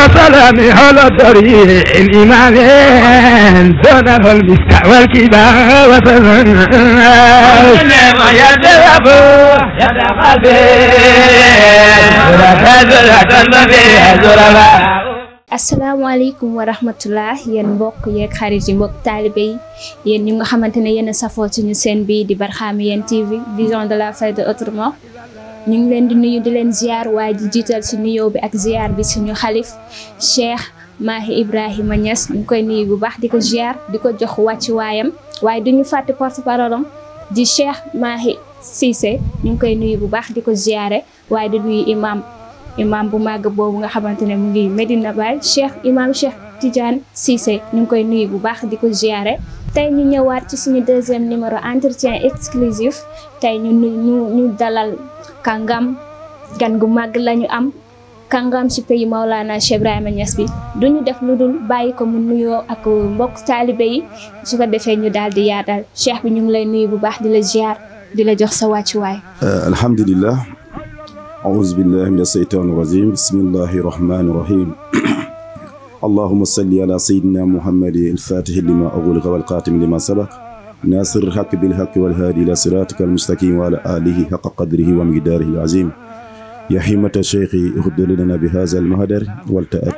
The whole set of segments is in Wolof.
وسلامي على الدريع الإيمان زنب المسكع والكبا وسلامي يا دابا يا دابا قلبي السلام عليكم ورحمة الله يا نبوك يا خارج نبوك طالبي يا نيوغا خامتنا يا نسافوتي نسين بي دي برخامي ين تي في فيزيون دو لا فايد اوترمو ñu ngi leen di nuyu di leen ziar waaye di jiital si nuyoo bi ak ziar bi suñu xalif cheikh mahi ibrahima ñes ñu koy nuyu bu baax di ko ziar di ko jox wàcc waayam waaye duñu fàtte porte parole di cheikh mahi sise ñu ngi koy nuyu bu baax di ko ziare waaye di imam imam bu màgg boobu nga xamante ne mu ngi medina bay cheikh imam cheikh tidiane sise ñu ngi koy nuyu bu baax di ko ziare tey ñu ñëwaat ci suñu deuxième numéro entretien exclusif tey ñu ñu dalal kàngam gan gu màgg lañu am kàngam ci pays Maolana Cheikh Ibrahima Niass bi duñu def lu dul bàyyi ko mu nuyoo ak mbokk taalibe yi su ko defee ñu daal di yaatal cheikh bi ñu ngi lay nuyu bu baax di la ziar di la jox sa wàccuwaay. alhamdulilah. أعوذ بالله من الشيطان الرجيم بسم الله الرحمن الرحيم اللهم صل على سيدنا محمد الفاتح لما أغلق li ma سبق ناصر الحق بالحق والهادي إلى صراطك المستقيم وعلى آله حق قدره ومقداره العظيم يا حمة الشيخ اهد لنا بهذا المهدر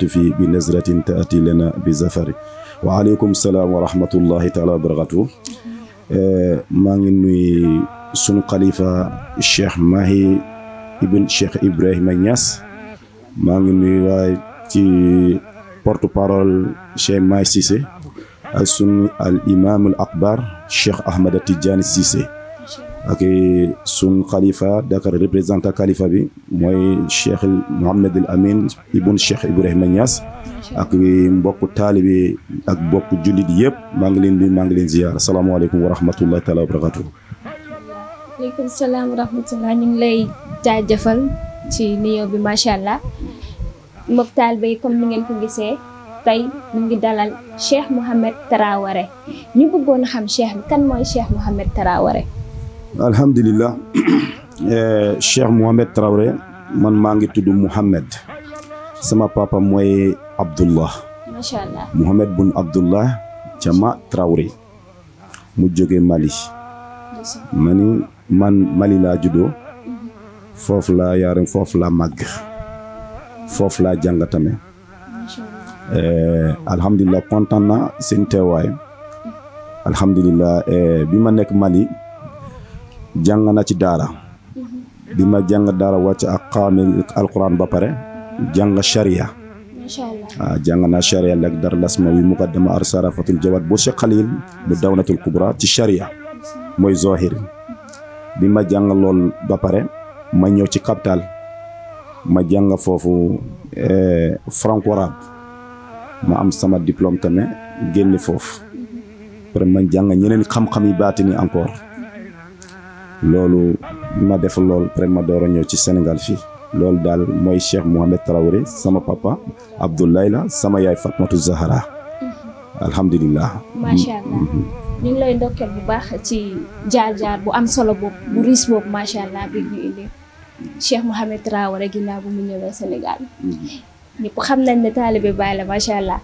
في بنزرة تأتي لنا بزفر وعليكم السلام ورحمة الله تعالى وبركاته آه، ما نوي سن sunu الشيخ ماهي ابن الشيخ إبراهيم Ibrahima ما نوي ngi nuyu بارول ci porte سيسي السني الإمام الأكبر الشيخ أحمد التجان السيسي أكي سن خليفة داكر ريبريزانتا خليفة بي موي الشيخ محمد الأمين ابن الشيخ إبراهيم نياس أكي مبوكو طالبي أك بوكو جلد يب مانجلين بي مانجلين زيارة السلام عليكم ورحمة الله تعالى وبركاته عليكم السلام ورحمة الله نيم لي جاجفل تي نيو بي ما شاء الله مبتال بي كم نيجن كنجي سيه Tay mu ngi dalal Cheikh mohammed Traoré ñu bëggoon xam Cheikh bi kan moy Cheikh mohammed Traoré. euh Cheikh mohammed Traoré man ma ngi tuddu mohammed sama papa moy Abdullah. machallah mohammed bun Abdullah Jama Traoré mu joggé Mali. mani man Mali laa juddoo mhm. foofu laa yaaree foofu laa màgg foofu laa jàng Eh, alhamdulilah kontaan na seen teewaay eh, bi ma nekk Mali jàng na ci daara bi ma jàng daara wàcc ak kaamil alquran ba pare jàng sharia ah jàng naa sharia lek dar lasma wi muqaddama ar sarafatul jawad bu ci xalil mu dawnatul kubra ci sharia mooy zohir bi ma jàng lool ba pare ma ñëw ci capital ma jàng foofu eh, franco arabe ma am sama diplôme tamit génne foofu après ma jàng ñeneen xam-xam yi baati ni encore loolu ma def lool après ma door a ñëw ci Sénégal fii loolu daal mooy Cheikh Mouhamed Traoré sama papa Abdoulaye la sama yaay Fatmatou Zahara alhamdulilah. macha mm-hmm. lay ndokkeel bu baax ci jaar-jaar bu am solo boobu bu riis boobu macha allah bi ñu indi Cheikh Mouhamed Traoré ginnaaw bu mu ñëwee Sénégal. Mm-hmm. ñëpp xam nañ ne taalibe Baay la macha allah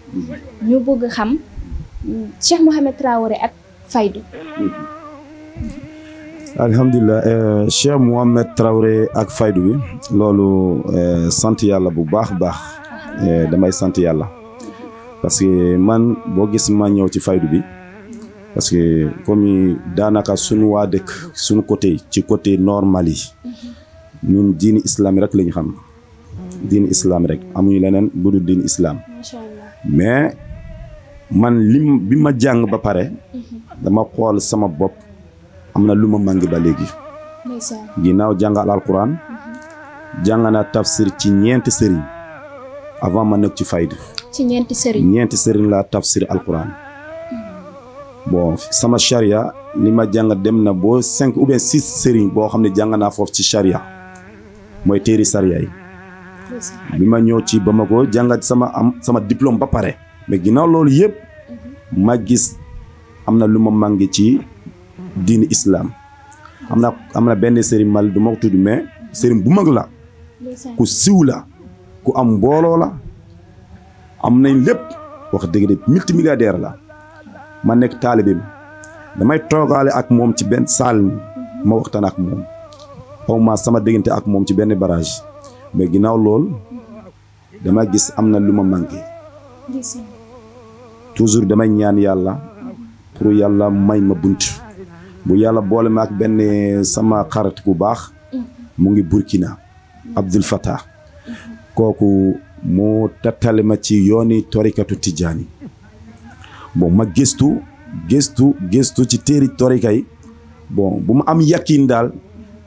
ñu bëgg xam Cheikh Mouhamed Traoré ak Faydu. Mm-hmm. alhamdulilah eh, Cheikh bi loolu eh, sant yàlla bu baax baax eh, damay sant yàlla parce man boo gis ma ñëw ci Faydu bi parce que comme daanaka suñu waa dëkk suñu côté ci côté nord Mali ñun diini islam rek la ñu xam. diin islaam rek amuñu leneen bu dul diin islam. macha mais man lim bi ma jàng ba pare. Mhm. dama xool sama bopp am na lu ma mangi ba léegi. ginnaaw jàngal alquran. Mhm. jàng naa tafsir ci ñeenti sëriñ avant ma nekk ci faydu. ci ñeenti sëriñ ñeenti sëriñ laa tafsir alquran. Mhm. bon sama charia li ma jàng dem na boo cinq ou bien six sëriñ boo xam ne jàng naa foofu ci charia mooy téere charia yi. bi ma ñëw ci Bamako jangati sama am sama diplôme ba pare mais ginaaw lool yépp ma gis amna luma mangi ci diin islam amna amna bende benn serigne mal du ma tuddu mais serigne bu mag la ku siw la ku am mbolo la am nañ lepp wax deug de multimilliardaire la ma nek talibim damay togalé ak mom ci benn salle ma waxtan ak mom xaw ma sama deugenté ak mom ci benn barrage mais ginnaaw lool dama gis am na lu ma manqué toujours damay ñaan yàlla pour yàlla may ma bunt bu yàlla boole ma ak benn sama xarit bu baax mu ngi Burkina Abdul Fattah kooku mu tattale ma ci yooni torikatu Tidjani bon ma gëstu gëstu gëstu ci téeri torika yi bon bu ma am yaqiin daal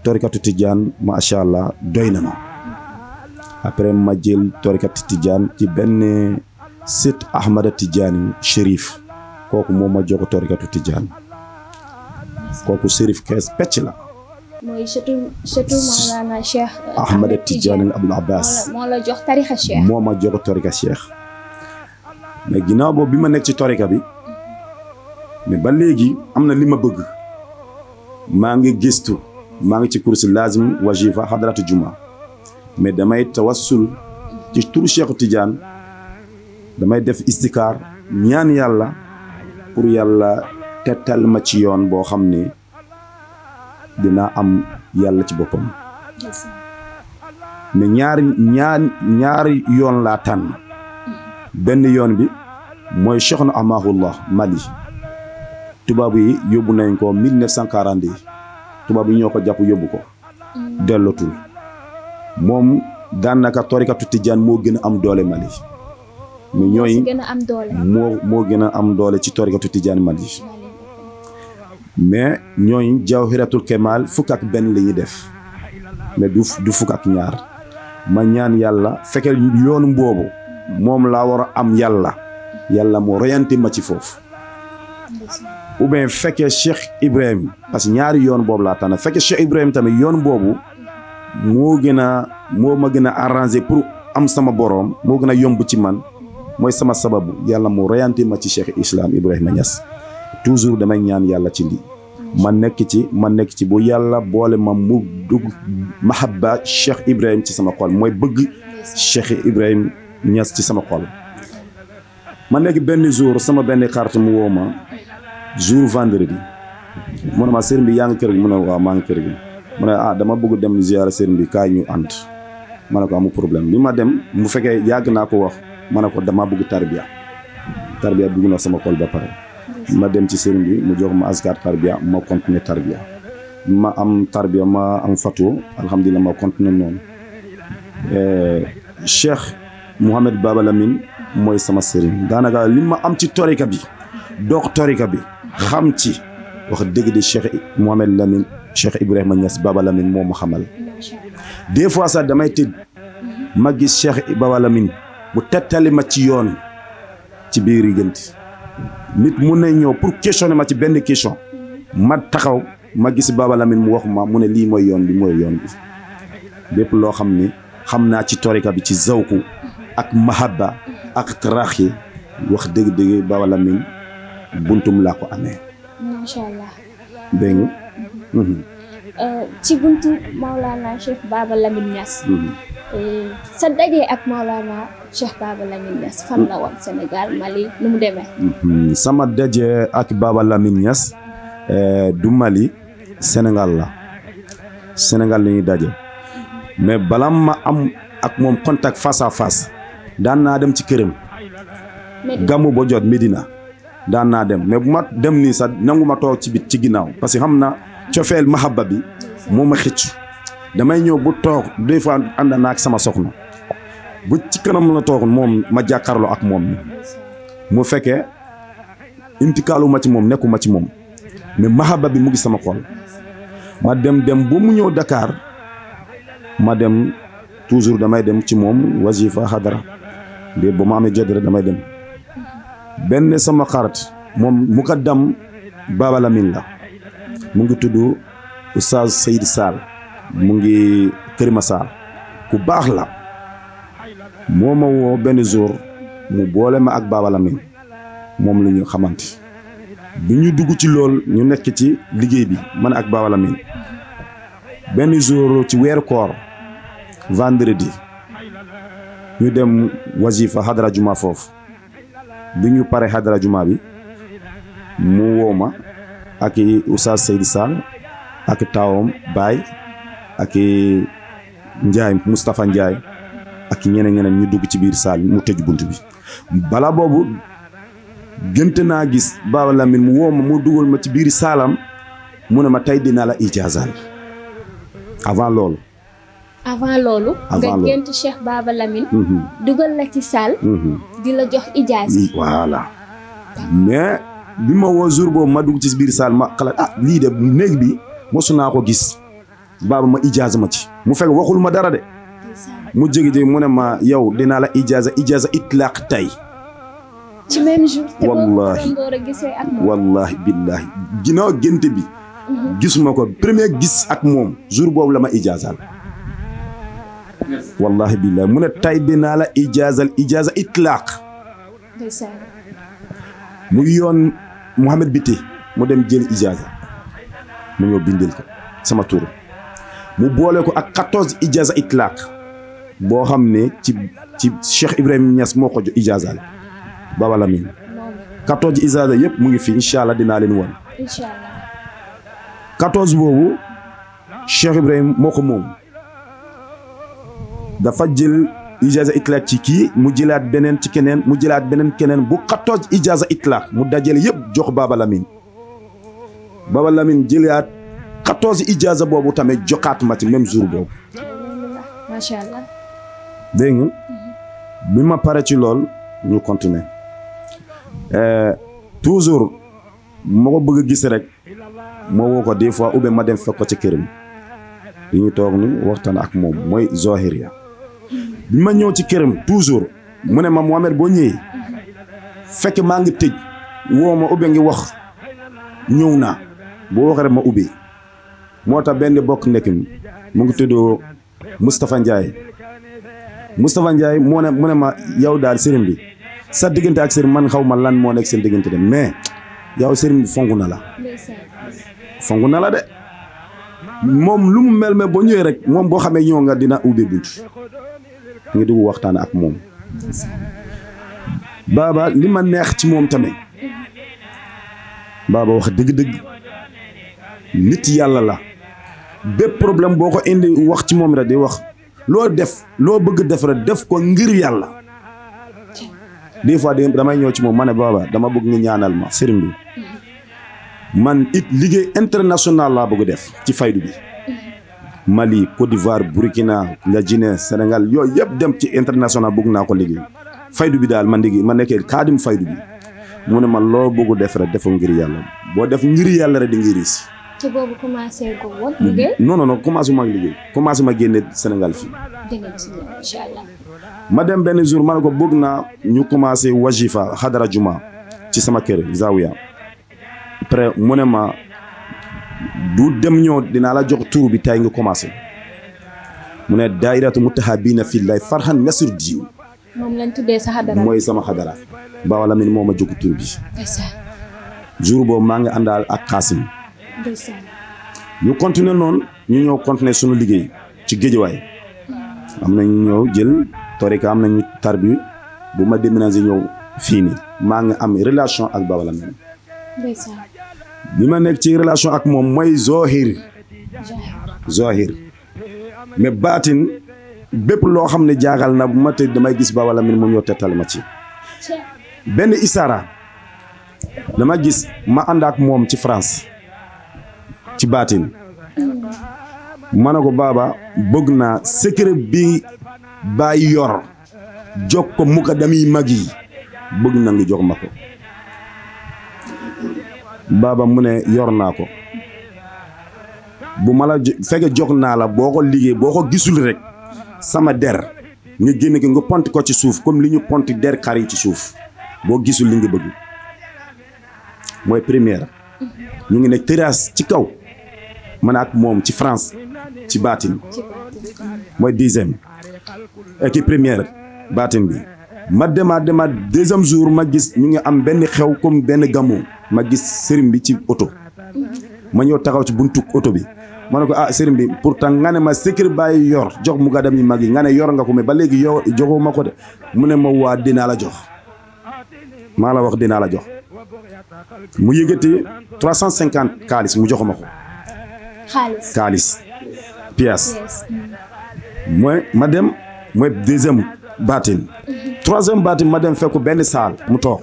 torikatu Tidjane macha allah doy na ma. après ma jël torikati tijaan ci benn sët Ahmada Tijaani Chérif kooku moom ma jox torikatu tijaan kooku Chérif kees pecc la. mooy sëtu sëtu Maulana Cheikh. Euh, Ahmada Tijaani Abul Abbas moo ma jox torika Cheikh mais ginnaaw boobu bi ma nekk ci torika bi mais ba léegi am na li ma bëgg maa ngi gistu maa ngi ci kursi lazim wajifa hadratu juma. mais damay tawassul ci turu Cheikhu Tidiane damay def istikaar ñaan yàlla pour yàlla tettal ma ci yoon boo xam ni dinaa am yàlla ci boppam mais ñaari ñaar ñaari yoon laa tànn benn yoon bi mooy Cheikhna Amahullah Mali tubaab yi yóbbu nañ ko 1942 tubaab yi ñoo ko jàpp yóbbu ko mm. dellootul moom daanaka torikatu tijaan moo gën a am doole Mali mais ñooy moo moo gën a am doole ci torikatu tijaan Mali mais ñooy jawhiratul kemal fukk ak benn li ñuy def mais du fukk ak ñaar ma ñaan yàlla fekkee yoonu boobu moom laa war a am yàlla yàlla moo reyanti ma ci foofu ou bien fekkee Cheikh Ibrahim parce que ñaari yoon boobu laa tànn fekkee Cheikh Ibrahim tamit yoon boobu moo gën a moo ma gën a arrangé pour am sama borom moo gën a yomb ci man mooy sama sababu yàlla moo reyante ma ci Cheikh Islam Ibrahima Niass toujours damay ñaan yàlla ci lii ma nekk ci ma nekk ci bu yàlla boole ma mu dugg mahabba Cheikh Ibrahima ci sama xol mooy bëgg Cheikh Ibrahima ñas ci sama xol ma nekk benn jour sama benn xart mu woo ma jour vendredi mu ne ma sëriñ bi yaa ngi kër gi mu ne waaw maa ngi kër gi mu ah dama bëgg dem ziara ñu ànd ma ne ko amu problème bi ma dem mu fekkee yàgg naa ko wax ma ne ko dama bëgg tarbiya tarbiya dugg na sama xol ba pare ma dem ci sëriñ bi mu jox ma askar tarbiya ma continuer tarbiya ma am tarbiya ma am fatu alhamdulilah ma continuer noonu eh, Cheikh Mouhamed Baba Lamine mooy sama sëriñ daanaka li ma am ci torika bi dox torika bi xam ci wax dëgg de Cheikh Mouhamed Lamine Cheikh Ibrahima Niass Baba Lamine moo ma xamal des fois sax damay tëdd ma gis Cheikh Baba Lamine mu tettali ma ci yoon ci biir gént nit mun na ñëw pour questionner ma ci benn question ma taxaw ma gis Baba Lamine mu wax ma mu ne lii mooy yoon bi mooy yoon bi lépp loo xam ne xam naa ci torika bi ci zawku ak mahabba ak taraax wax dëgg-dëgg Baba Lamine buntum laa ko amee. macha allah dégg nga Eh, ci buntu Maulana Cheikh Baba Lamine Niass mhm. eh, sa dajé ak Maulana Cheikh Baba Lamine Niass fan la won Sénégal Mali numu démé mhm. sama dajé ak Baba Lamine Niass eh, du Mali Sénégal la Sénégal la dajé daje mais balam ma am ak mom contact face à face Dan na dem ci kërëm gamu bo jot Medina Dan na dem mais bu ma dem ni sa nanguma tok ci bit ci ginaaw parce que xamna cofeel mahabba bi moom ma xëcc damay ñëw bu toog des fois ànd naa ak sama soxna bu ci kanam la toog moom ma jàkkaarloo ak moom mu fekkee intikaalu ma ci moom nekkuma ci moom mais mahabba bi mu ngi sama xol ma dem dem ba mu ñëw Dakar ma dem toujours damay dem ci moom wazifa hadara bi ba ma amee jot rek damay dem benn sama xarit moom mukaddam Baba la mu ngi tudd Oustaz Seydou Sall mu ngi Kër Massar ku baax la moo ma woo benn jour mu boole ma ak Baba moom la ñu xamante bi ñu dugg ci lool ñu nekk ci liggéey bi man ak Baba benn jour ci weeru koor vendredi ñu dem wazifa xadara juma foofu bi ñu pare xadara juma bi mu woo ma ak Oustaz Seydi Sall ak taawam Baye ak Ndiaye ak ñeneen ñeneen ñu dugg ci biir saal mu tëj bunt bi balaa boobu gënt naa gis Baba Lamine mu woo ma mu dugal ma ci biir saalam mu ne ma tey dina la ijaazal avant loolu. nga gënt Cheikh Baba Lamine. Mhm. dugal la ci saal. Mhm. di jox ijaaz. voilà mais. bi ma woo jour boobu ma dugg ci biir saal ma xalaat ah lii de néeg bi mosu naa ko gis baaba ma ijaasa ma ci mu fekk waxul ma dara de mu jég jégi mu ne ma yow dinaa la ijaasa ijaasa itlaaq tey ci même jour wallahi génte bi gisuma ko premier gis ak moom jour boobu la ma ijaasaal wallahi billahi mu ne tey dinaa la ijaasal ijaasa muy yoon Mouhamed biti mu dem jël ijaasa mu ñëw bindil ko sama tur mu boole ko ak quatorze ijaasa boo xam ne ci ci Cheikh Ibrahim Niass moo ko jox ijaasa la Baba Lamine quatorze ijaasa yëpp mu ngi fi incha allah dinaa leen wan quatorze boobu Cheikh Ibrahim moo ko moom dafa jël ijaza itlaaq ci kii mu jëlaat beneen ci keneen mu jëlaat beneen keneen bu quatorze ijaza itlaaq mu dajale yëpp jox Baba Lamine Baba Lamine jëlaat quatorze boobu tamit joxaat ma ci même jur boobu. macha allah. dégg mhm. bi ma pare ci lool ñu continuer euh, toujours ma ko bëgg a gis rek ma woo ko des fois ou ma dem fekk ko ci këram li ñu toog ni waxtaan ak moom mooy Zohiria. bi ma ñëw ci këram toujours mu ne ma Mohamed boo ñëwee fekk maa ngi tëj woo ma ubbe ngi wax ñëw naa boo waxee rek ma ubbi moo tax benn bokk nekk mu ngi tuddoo Moustapha Ndiaye Moustapha njaay moo ne mu ne ma yow daal sëriñ bi sa diggante ak sëriñ man xaw ma lan moo nekk seen diggante de mais yow sëriñ bi na la fonk na la de moom lu mu mel me boo ñëwee rek moom boo xamee ñëw nga dina ubbi bunt nga dugg waxtaan ak moom baaba li ma neex ci moom tamit baaba wax dëgg-dëgg nit yàlla la bépp problème boo ko indi wax ci moom rek di wax loo def loo bëgg def rek def ko ngir yàlla des fois damay ñëw ci moom ma ne baaba dama bëgg nga ñaanal ma sëriñ bi man it liggéey international laa bëgg def ci faydu bi Mali Côte d'Ivoire Burkina la Guinée Sénégal yooyu yëpp dem ci international bëgg naa ko liggéey faydu bi daal man liggéey ma nekkee kaadim faydu bi mu ne ma loo bëgg def rek defoo ngir yàlla boo def ngir yàlla rek di ngir riis. ci commencé ko woon commencé ma génne senegal fii. ma dem benn jour ma ne ko bëgg naa ñu commencé wajifa xadara juma ci sama kër Zawiya après mu ne ma. du dem ñoo dinaa la jox tur bi tay nga commencé mu ne daayiratu mutahabiina fillahi farhan nasur diw moom lañ tuddee sa xadara mooy sama xadara Baaw Lamine moo ma jóg tur bi. jour boobu maa ngi àndaal ak Xaasim. ñu continuer noonu ñu ñëw continuer suñu liggéey ci géejawaay am na ñu ñëw jël torika am na ñu tarbi bu ma déménager ñëw fii nii maa ngi am relation ak Baaw bi ma nekk ci relation ak moom mooy zohir zohir mais baatin bépp loo xam ne jaaxal na bu ma tëj damay gis Baba Lamine mu ñëw tettale ma ci benn isaara dama gis ma ànd ak moom ci France ci baatin ma ne ko baaba bëgg naa secret bi baay yor jox ko mukadam yi mag yi bëgg na nga jox ma ko baaba mu ne yor naa ko bu ma la fekk jox naa la boo ko liggéey boo ko gisul rek sama der ñu génn ki nga pont ko ci suuf comme li ñu pont der xar yi ci suuf boo gisul li nga bëgg mooy première ñu ngi ne terrasse ci kaw man ak moom ci France ci baatin mooy dixième équipe première baatin bi ma demaa demaa deuxième jour ma gis ñu ngi am benn xew comme benn gàmmu ma gis sëriñ bi ci oto ma ñëw taxaw ci buntu oto bi ma ne ko ah sëriñ bi pour pourtant nga ne ma sikir bàyyi yor jox mu gadam yi mag yi nga ne yor nga ko mais ba léegi yo joxoo ko de mu ne ma waa dinaa la jox ma la wax dinaa la jox mu yëgati trois cent cinquante kaalis mu joxuma ko kaalis pièce mm. mooy ma dem mooy deuxième baatin troisième baatin ma dem fekk benn saal mu toog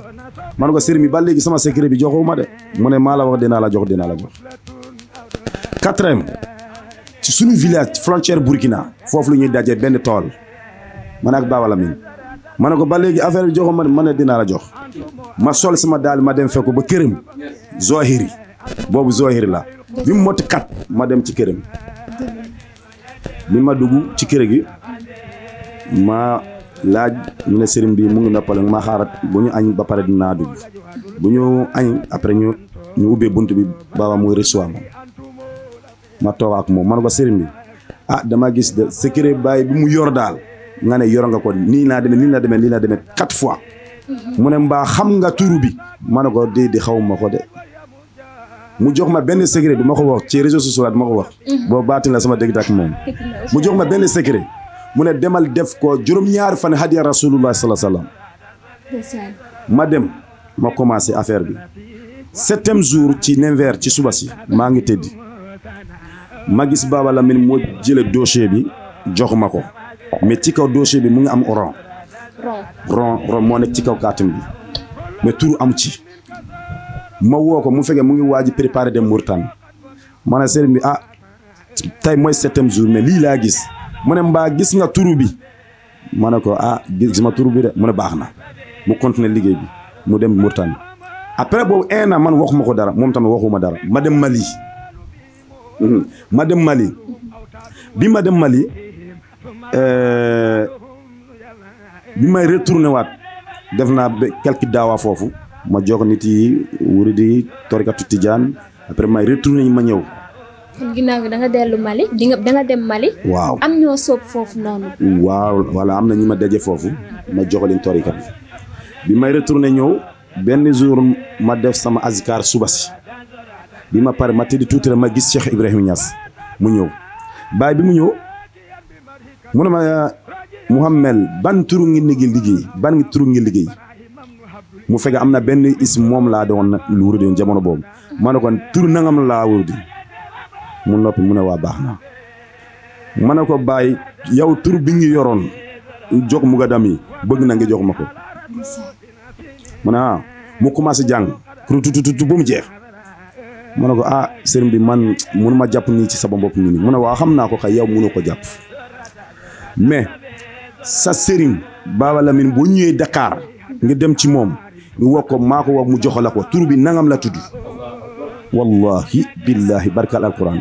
man ne ko sëriñ ba léegi sama secret bi joxuma de mu ne maa la wax dinaa la jox dinaa la jox quatrième ci suñu village frontière Burkina foofu lu ñuy dajee benn tool man ak Baba Lamine ma ne ko ba léegi affaire bi joxuma ma ne dinaa la jox ma sol sama daal ma dem fekk ba këram zohiri boobu zohiri la bi mu moti kat ma dem ci këram bi ma dugg ci kër gi ma laaj ñu ne sëriñ bi mu ngi noppal ma xaarat bu ñu añ ba pare naa dugg bu ñu añ après ñu ñu ubbee bunt bi baaba muy recevoir ma ma ak moom man ko sëriñ bi ah dama gis de secret bàyyi bi mu yor daal nga ne yor nga ko nii naa demee nii naa demee nii naa demee quatre fois mhm. mu ne mbaa xam nga turu bi ma ne ko dee di xaw ma ko de mu jox ma benn secret du ma ko wax ci réseaux sociaux du ma ko wax mhm. boo baatin la sama dégg ak moom mu jox ma benn secret mu ne demal def ko juróom ñaar fan hadiya rasulullah sallallahu alayhi wasallam. ma dem ma commencé affaire bi septième jour ci je ci suba si ma ngi teddi ma gis Baba Lamine mo jël dossier bi jox mako mais ci kaw dossier bi mu ngi am oran rond la mo nekk ci kaw carton bi mais tur am ci ma mu mu ngi waji préparer dem mané bi ah 7 septième jour mais li la gis mu ne mbaa gis nga turu bi ma ne ko ah gis ma turu bi de mu ne baax na mu continuer liggéey bi mu dem Mauritanie après boobu un man man waxuma ko dara moom tamit ma dara ma dem Mali mhm. ma dem Mali bi ma dem Mali euh, bi may retourné waat def naa ba quelque daawa foofu ma jox nit yi wuri di torikatu tijaan après may retourné ma ñëw kon ginnaaw gi da dellu Mali di nga da dem Mali. waaw am ñoo soob foofu noonu. waaw voilà am na ñi ma daje foofu ma joxalin torika bi bi may retourné ñëw benn jour ma def sama azkar suba si bi ma pare ma tëddi tuuti ma gis Cheikh Ibrahima ñas mu ñëw baay bi mu ñëw mu ne ma Mouhamed ban turu ngi nigi liggéey ban ngi turu ngi liggéey mu fekk am na benn is moom laa doon lu wurdi jamono boobu ma ne kon turu nangam laa wurdi mu nopi mu ne wa baxna na ma ko bàyyi yow tur bi ngi yoron jog mu ga dami bëgg na nga jog mako ko mu ne ah mu commencé tu tu bu mu jeex ma ko ah sëriñ bi man mu ma japp ni ci sa bop ni mu ne wa xamna ko xay yow ne ko ah, japp mais sa sëriñ baba lamin bu ñëwee Dakar nga dem ci mom nga wako ko wak mu joxolako tur bi nangam la tuddu wallahi billahi barkal alquran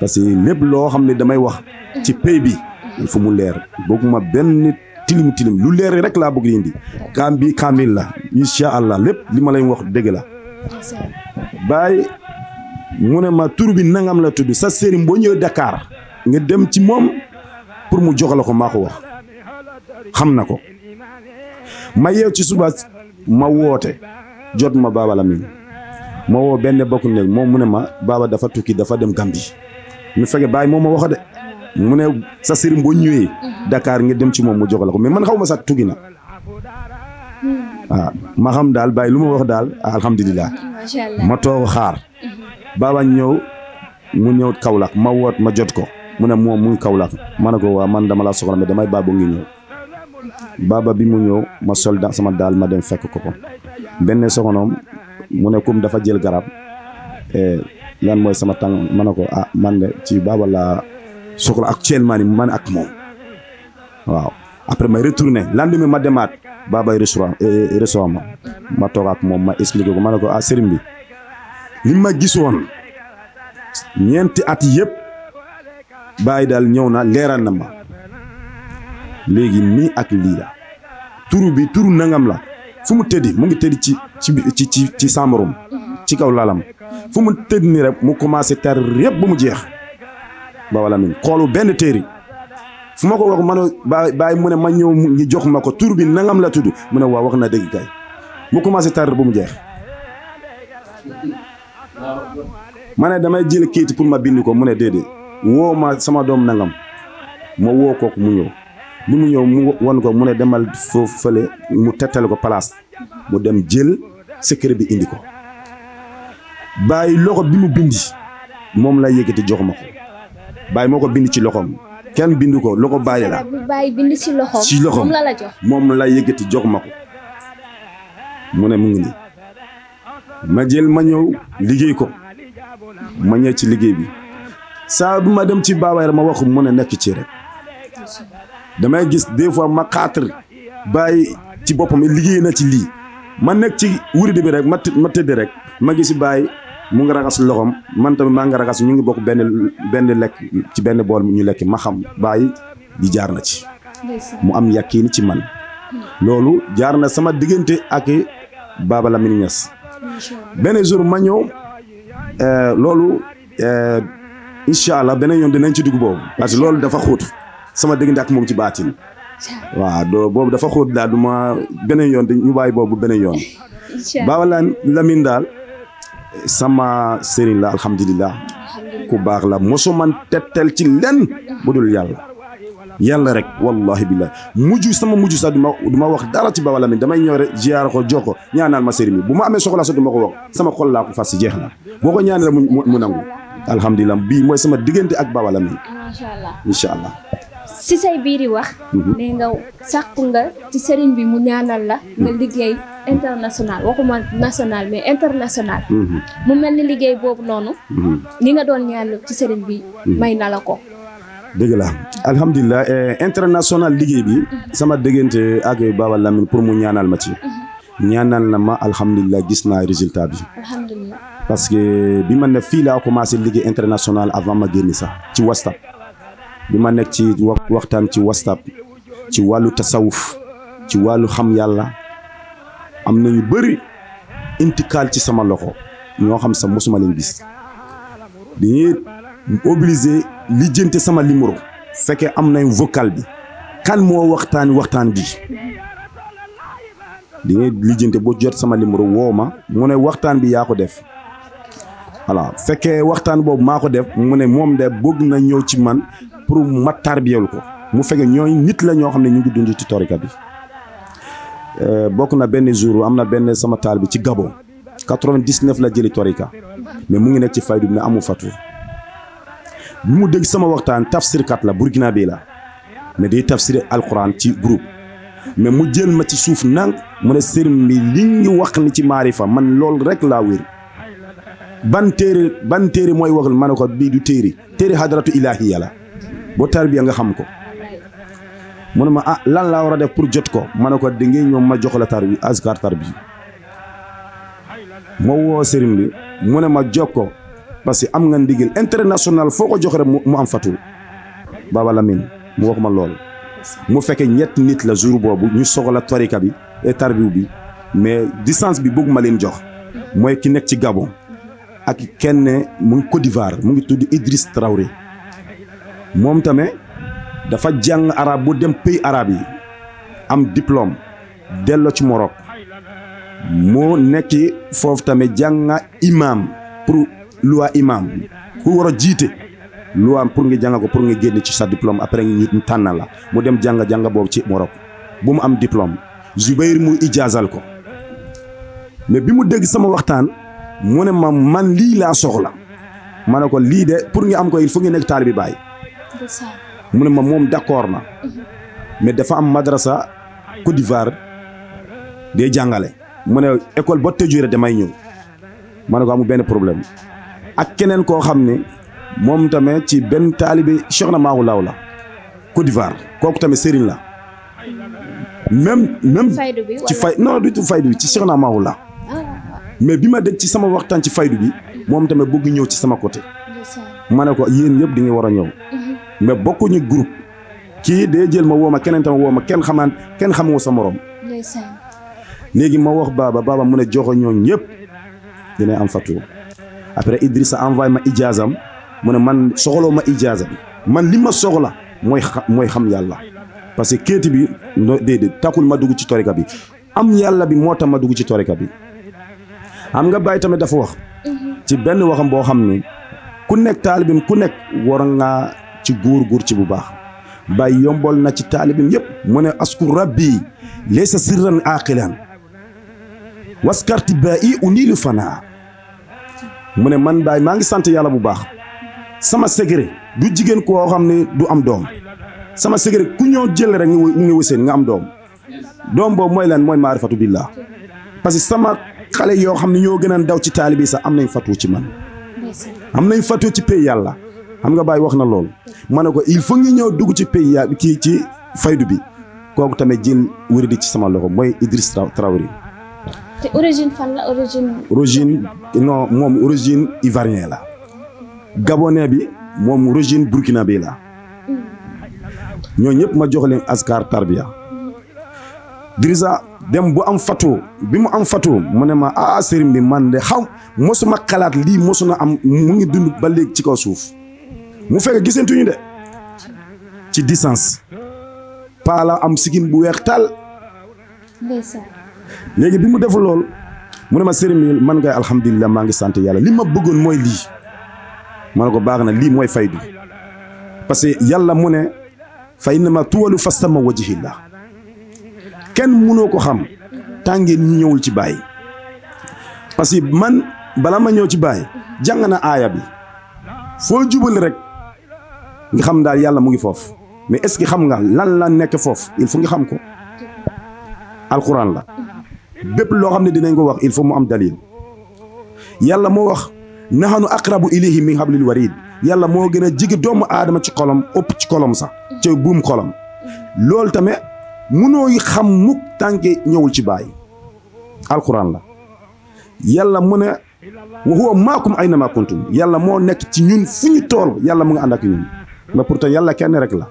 que lépp loo xam ne damay wax ci pay bi il mu leer bëgguma benn tilim tilim lu leer rek laa bëgg indi kaam bi kaamil la incha allah lépp li ma lay wax dégg la baay mu ne ma tur bi nangam la tudd sa sëriñ boo ñëwee Dakar nga dem ci moom pour mu jox la ko maa ko wax xam na ko ma yeew ci suba ma woote jot ma Baba Lamine ma woo benn bokk néeg moo mu ne ma baaba dafa tukki dafa dem Gambie mu fekkee baay moom ma wax de mu ne sa sëriñ boo ñëwee mm-hmm. Dakar nga dem ci moom mu jox la ko mais man xaw ma sax tukki na waaw mm-hmm. ah, daal bàyyi lu ma wax daal alhamdulilah ma xaar mm-hmm. baaba ñëw mu ñëw Kaolack ma ma jot ko mu ne moom mu ngi Kaolack ma ne ko waa man dama laa soxla mais damay baaba ngi ñëw baaba bi mu ñëw ma sol sama daal ma dem fekk ko ko benn soxnaam mu ne kum dafa jël garab eh, lan moy sama tang manako ah man de ci baaba laa soxla actuellement mani man ak mom waaw après may retourné lendemain ma demat baba restaurant eh, restaurant ma ma toog ak mom ma expliquer ko ma ah serigne bi li ma gisoon ñeenti at yëpp bay dal ñewna na na ma léegi mi ak li la turu bi turu nangam la fu mu tëddi mu ngi tëddi ci ci ci ci sàmbarum ci kaw lalam fu mu tëdd ni rek mu commencé tar yëpp ba mu jeex ba wala min xoolu benn téeri fu ma ko wax ma ne baay mu ne ma ñëw ñu jox ma ko tuur bi nangam la tudd mu ne waaw wax na dëgg kay mu commencé tar ba mu jeex ma ne damay jël kayit pour ma bind ko mu ne déedéet woo ma sama doom nangam ma woo kooku mu ñëw bi mu ñëw mu won ko mu ne demal foofu fële mu tettale ko palaas mu dem jël secret bi indi ko bàyyi loxo bi mu bindi moom lay yëkkati jox ma ko bàyyi moo ko bind ci loxoom kenn bindu ko loxo bàyyi la bàyyi ci loxoom moom la la jox ma ko mu ne mu ngi nii ma jël ma ñëw liggéey ko ma ñëw ci liggéey bi saa bu ma dem ci baabaay rek ma wax mu ne nekk ci rek damay gis dee fois ma xaatar bàyyi ci boppam liggéey na ci lii ma nekk ci wuridi bi rek ma ma tëdd rek ma gis bàyyi mu ngi raxas loxom man tamit maa ngi raxas ñu ngi bokk benn benn lekk ci benn bool ñu lekk ma xam bàyyi di jaar na ci mu am yàkkiin ci man loolu jaar na sama diggante ak Baba Lamine Niass benn jour ma ñëw eh, loolu eh, incha allah beneen yoon dinañ ci dugg boobu parce que loolu dafa xóot sama diggante ak moom ci baatin waaw doo boobu dafa xóot daal du ma beneen yoon ñu bàyyi boobu beneen yoon Baba Lamine daal sama sëriñ la alhamdulilah ku baax la mosuman tettel ci lenn bu dul yàlla yàlla rek wallahi billahi mujj sama mujj sax du ma du ma wax dara ci Baba Lamine damay ñëw rek ziar ko jox ko ñaanal ma sëriñ bi bu ma amee soxla sax du ma ko wax sama xol laa ko fas jeex na boo ko ñaanal mu nangu alhamdulilah bii mooy sama diggante ak Baba Lamine incha allah si say biiri wax mhm. nee nga sàkku nga ci sëriñ bi mu ñaanal la nga mhm. liggéey international waxuma national mais international mhm. mu mel ni liggéey boobu noonu li nga doon ñaan ci sëriñ bi may na la ko dëgg la alhamdulilah eh, international liggéey bi sama déggante ak Baba Lamine pour mu ñaanal ma ci ñaanal na ma alhamdulilah gis naa résultat bi parce que bi ma ne fii laa commencé liggéey international avant ma génn sax ci WhatsApp bi ma nekk ci waxtaan ci whatsapp ci wàllu tasawuf ci wàllu xam yàlla am na ñu bëri intikaal ci sama loxo ñoo xam sa mosuma leen gis dañuy obligé lijjante sama numéro fekkee am nañ vocal bi kan moo waxtaan waxtaan bi di ngay lijjante boo jot sama numéro woo ma mu ne waxtaan bi yaa ko def voilà fekkee waxtaan boobu maa ko def mu ne moom de bëgg na ñëw ci man pour mu mat tarbiyal ko mu fekk ñooy nit la ñoo xam ne ñu ngi dund ci torika bi euh, bokk na benn jour am na benn sama taal bi ci Gabon 99 la jëli torika mais mu ngi nekk ci faydu bi ne amul fatu bi mu dégg sama waxtaan tafsirkat la Burkina bi la mais day tafsir alquran ci group mais mu jël ma ci suuf nank mu ne sëriñ bi li ñu wax ni ci maarifa man loolu rek laa wér ban téere ban téere mooy wax ma ne ko bii du téere téere hadratu ilaahiya la boo tarbiya nga xam ko mu ne ma ah lan laa war a def pour jot ko ma ne ko di ngeen ñoom ma jox la tarbi askar tarbi ma woo sëriñ bi mu ne ma jox ko parce que am nga ndigal international foo ko jox rek mu am fatu Baba Lamine mu wax ma lool mu fekkee ñett nit la jour boobu ñu soxla torika bi et bi mais distance bi bëgg ma leen jox mooy ki nekk ci Gabon ak kenn mu ngi Côte mu ngi tudd Idriss Traoré moom tamit dafa jàng arab bu dem pays araab yi am diplôme dello ci Maroc moo nekki foofu tamit jànga imam pour loi imam ku war a jiite loi pour nga jàng ko pour nga génn ci sa diplom après nit ñu tànn la mu dem jàng jàng boobu ci Maroc bu mu am diplôme Zubair mu ijaazal ko mais bi mu dégg sama waxtaan mu ne ma man lii laa soxla ma ne ko lii de pour nga am ko il faut nga nekk taalibi Baay mu ne ma moom d'accord na mais dafa am madrasa Côte d'Ivoire day jàngale mu ne école ba tëjure damay ñëw ma ne ko amul benn problème ak keneen koo xam ne moom tamit ci benn taalibe Cheikh na Maawu la Côte kooku tamit sëriñ la même même ci fay non du tout faydu ci Cheikh na la ah, mais bi ma dégg ci sama waxtaan ci faydu bi moom tamit bëgg ñëw ci sama côté ma ne ko yéen yëpp di nga war a ñëw mhm. mais bokkuñu groupe kii day jël ma woo ma keneen tam woo ma kenn xamaan kenn xamoo sa morom. léegi ma wax baaba baaba mu ne joxo ñooñ ñëpp dina am fatu après sa envoyé ma ijaazam mu ne man soxloo ma ijaaza bi man li ma soxla mooy xa mooy xam yàlla parce que kéeti bi no déedéet takkul ma dugg ci torika bi am yàlla bi moo tax ma dugg ci torika bi am nga bàyyi tamit dafa wax mhm. ci benn waxam boo xam ne ku nekk taalibin ku nekk war nga ci góor góor ci bu baax Baay yombol na ci taalibim yëpp mu ne asku rabbi laysa sirran aqilan waskarti ba i uniilu fanaa mu ne man Baay maa ngi sant yàlla bu baax sama secret du jigéen ko koo xam ne du am doom sama secret ku ñoo jël rek nga wëseen nga am doom doom boobu mooy lan mooy maarifatu billah parce que sama xale yoo xam ne ñoo gën a daw ci taalibi sax am nañ fatu ci man am nañ fatu ci pay yàlla xam nga baay wax na lool ma ne ko il faut ngi ñëw dugg ci pays ya ci faydu bi kooku tamit jël wéradi ci sama loxo mooy Idriss Traoré. te origine fan la origine. moom origine ivoirien la. gabonais bi moom origine burkinabé la. ñoo ñëpp ma jox leen askar tarbiya. Idrissa dem bu am fatoo bi mu am fatoo mu ne ma ah sëriñ bi man de xaw mosuma xalaat lii mosu na am mu ngi dund ba léegi ci kaw suuf. mu fekk gisantuñu de ci distance paala am sikin bu weex taal léegi bi mu defu lool mu ne ma sëriñ man ngay alhamdulilah maa ngi sant yàlla li ma bëggoon mooy lii ma ne ko baax na lii mooy fay parce que yàlla mu ne fay fa innama tuwalu fa sama wajhillah kenn mënoo ko xam tàngeen ñu ñëwul ci bàyyi parce man bala ma ñëw ci bàyyi jàng na aaya bi foo jubal rek nga xam daal yàlla mu ngi foofu mais est-ce que xam nga lan la nekk foofu il faut nga xam ko alquran la bépp loo xam ne dinañ ko wax il faut mu am dalil yàlla moo wax nahanu aqrabu ilayhi min hablil warid yàlla moo gën a jigi doomu aadama ci xolom ëpp ci xolom sax ci buum xolom loolu tamit mënooy xam mukk tànke ñëwul ci bàyyi alquran la yàlla mu ne wa huwa maakum ayna ma kuntum yàlla moo nekk ci ñun fu ñu tool yàlla mu nga ànd ak ñun mais pourtant yàlla kenn rek la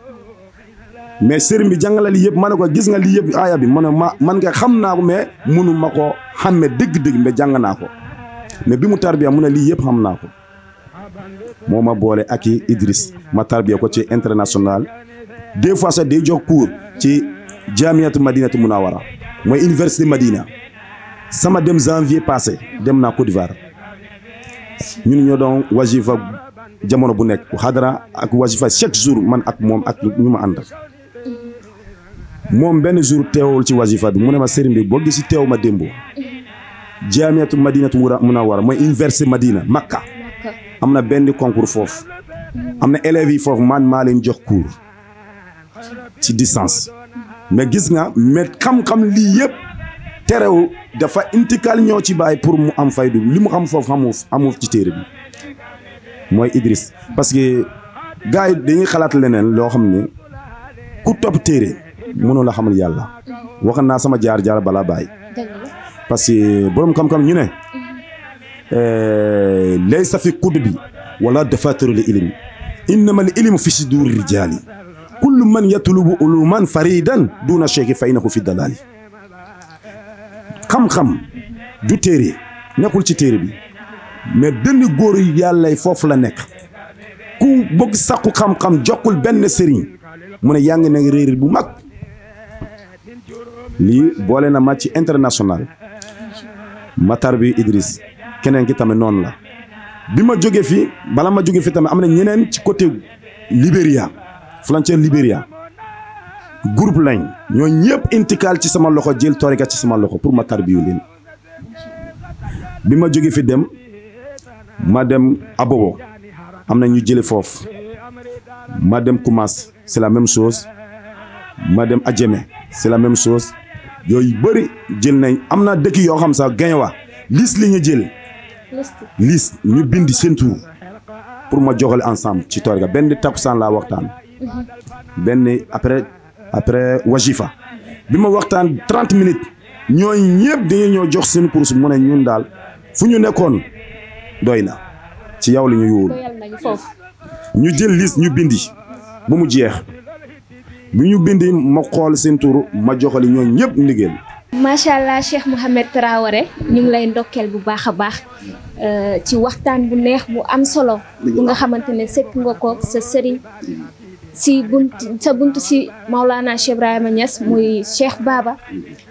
mais sëriñ bi jàngale li yëpp ma ne ko gis nga li yëpp aaya bi ma ne ma man nga xam naa ko mais munu ma ko xàmme dëgg-dëgg mais jàng naa ko mais bi mu tarbiya mu ne lii yëpp xam naa ko moo ma boole ak i Idriss ma tarbiya ko ci international des fois sax day jox cours ci jaamiatu madinatu munawara mooy université madina sama dem janvier passé dem naa Côte d'Ivoire ñun ñoo doon wajifa jamono bu nekk xadara ak wasifa chaque jour man ak moom ak ñu ma àndal moom benn jour teewul ci wasifa bi mu ne ma sëriñ bi boo gisi teew ma démb jaamiatu madinatu munawwara mooy université madina makka am na benn concours foofu am na élèves yi foofu man maa leen jox cours ci distance mais gis nga mais xam-xam lii yëpp terew dafa intikal ñoo ci bàyyi pour mu am faydu li mu xam foofu xamu amul ci téere bi mooy Idriss parce que gars yi dañuy xalaat leneen loo xam ne ku topp téere mënul a xamal yàlla wax naa sama jaar jaar balaa baay parce que borom xam-xam ñu ne euh, lay safi kudd bi wala dafataruli ilimi innama li ilimu fi sudur rijaali kullu man yatlubu uluman faridan duna cheikhi fa inahu fi dalaali xam-xam du téere nekkul ci téere bi mais dënn góor yi yàlla foofu la nekk ku bëgg sàkku xam-xam jokkul benn sëriñ mu ne yàng ngi nekk réer bu mag lii boole na ma ci international Matar bi Idriss keneen ki tamit noonu la bi ma jóge fi bala ma jóge fi tamit am na ñeneen ci côté Libéria frontière Libéria groupe lañ ñooñ ñëpp intikaal ci sama loxo jël torika ci sama loxo pour ma tarbiyu leen bi ma jóge fi dem Madame Abobo amna ñu Kumas, Madame ma c'est la même chose Madame Adjeme, c'est la même chose yooyu bari jël nañ amna dëkk xam sa wa liste li ñu jël liste ñu pour ma ensemble ci waxtaan mhm. après après wajifa Bima waxtaan 30 minutes Ñoy ñëpp dañ ñoo jox seen doy na ci yow la ñu ñu jël liste ñu bindi ba mu jeex bi ñu bindi ma xool seen tur ma joxali ñooñ ñëpp ndigal macha allah Cheikh Mouhamed Traoré ñu ngi lay ndokkeel bu baax a baax euh, ci waxtaan bu neex bu am solo bu nga xamante ne sekk ko sa sëriñ si buntu sa buntu si maulana cheikh ibrahima niass muy cheikh baba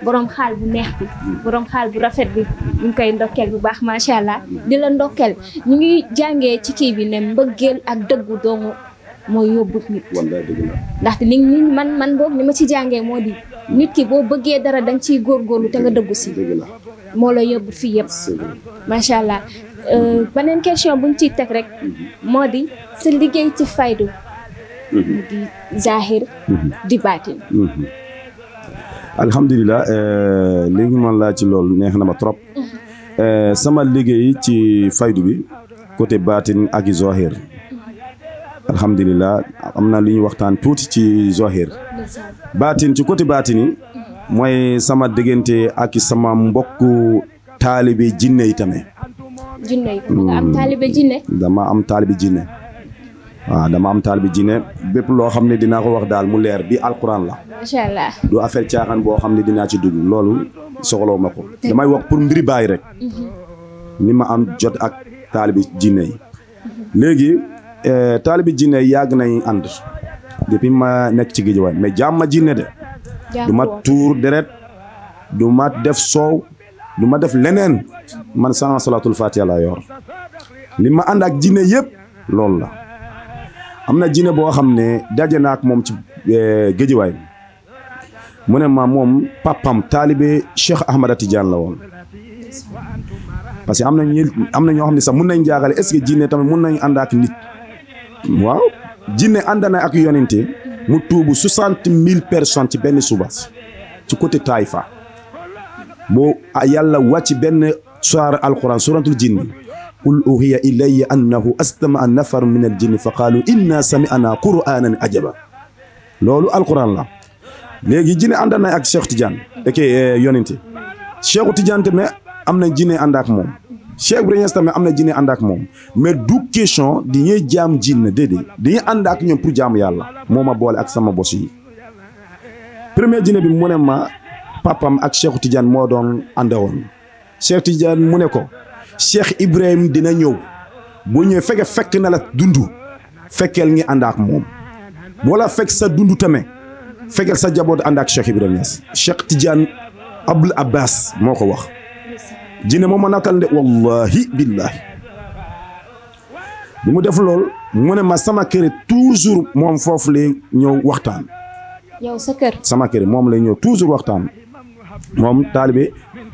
borom xal bu neex bi borom xal bu rafet bi ñu koy ndokkel bu baax sha allah di la ndokkel ñu ngi jangé ci ki bi ne mbeugël ak dëggu doomu moy yobut nit ndax ni ni man man bok ni ma ci jangé modi di nit ki bo bëggé dara dang gor gorlu ta nga dëggu si mo la yóbbu fi ma sha allah euh, benen question buñ ci tek rek mhm. modi di liggéey ci faydu di zahir mhm. di mhm. euh, man laa ci lool neex na ma trop mhm. euh, sama liggéey ci faydu bi côté baatin ak i zahir alhamdulilah am na lu ñu waxtaan tuuti ci zahir baatin ci côté baatin mooy sama diggante ak sama mbokku taalibe jinne yi tamit jinne yi am taalibe dama am taalibe jinne ah dama am taal bi jine bépp loo xam ko wax dal mu leer bi alquran la inshallah do du affaire caaxaan bo xamne dina ci dugg loolu soxlo mako damay wax pour ndiri bay rek mhm. ni am jot ak taal bi jine yi léegi eh, taal bi jine yàgg nañ and depuis ma nek ci géej mais jamma ma jine de duma tur deret duma def sow duma def lenen man sans salatul fatiha la yor li and ak jine yeb am na jine boo xam ne daje naa ak moom ci eh, géejiwaay mu ne ma moom papam taalibe Cheikh Ahmada Tidiane la woon parce que am na am na ñoo xam ne sax mun nañ jaagale est-ce que jinne tamit mun nañ ànd ak nit waaw jinne ànd na ak yonente mu tuubu soixante mille personnes ci benn suba ci côté fa boo yàlla wàcc benn soir alquran suratul jinni qul uhiya ilayya annahu astama'a nafar min al jinni fa qaalu inna sami'na qur'anan ajaba loolu alquran la léegi jinne ànd na ak Cheikh tijan ek eh, yonente Cheikh Tidiane tamit am na jinne ànd ak moom Cheikh Ibrahima tamit am na jinne ànd ak moom mais du question di ñuy jaam jinne déedéet dañuy ànd ak ñoom pour jaamu yàlla moo ma boole ak sama bos yi premier jinne bi mu ne ma papam ak Cheikh Tidiane moo doon àndewoon Cheikh Tidiane mu ne ko cheikh ibrahim dina ñëw bu ñew fekkee fek na la dundu fekkeel ngi andak mom wala fek sa dundu tamé fekkeel sa jabot andak cheikh ibrahim yes cheikh Tidiane Abul Abbas moko wax dina mo manatal de wallahi billahi bu mu def lol mo ne ma sama kër toujours mom fofu lay ñëw waxtaan yow sa kër sama kër mom lay ñëw toujours waxtaan mom talibé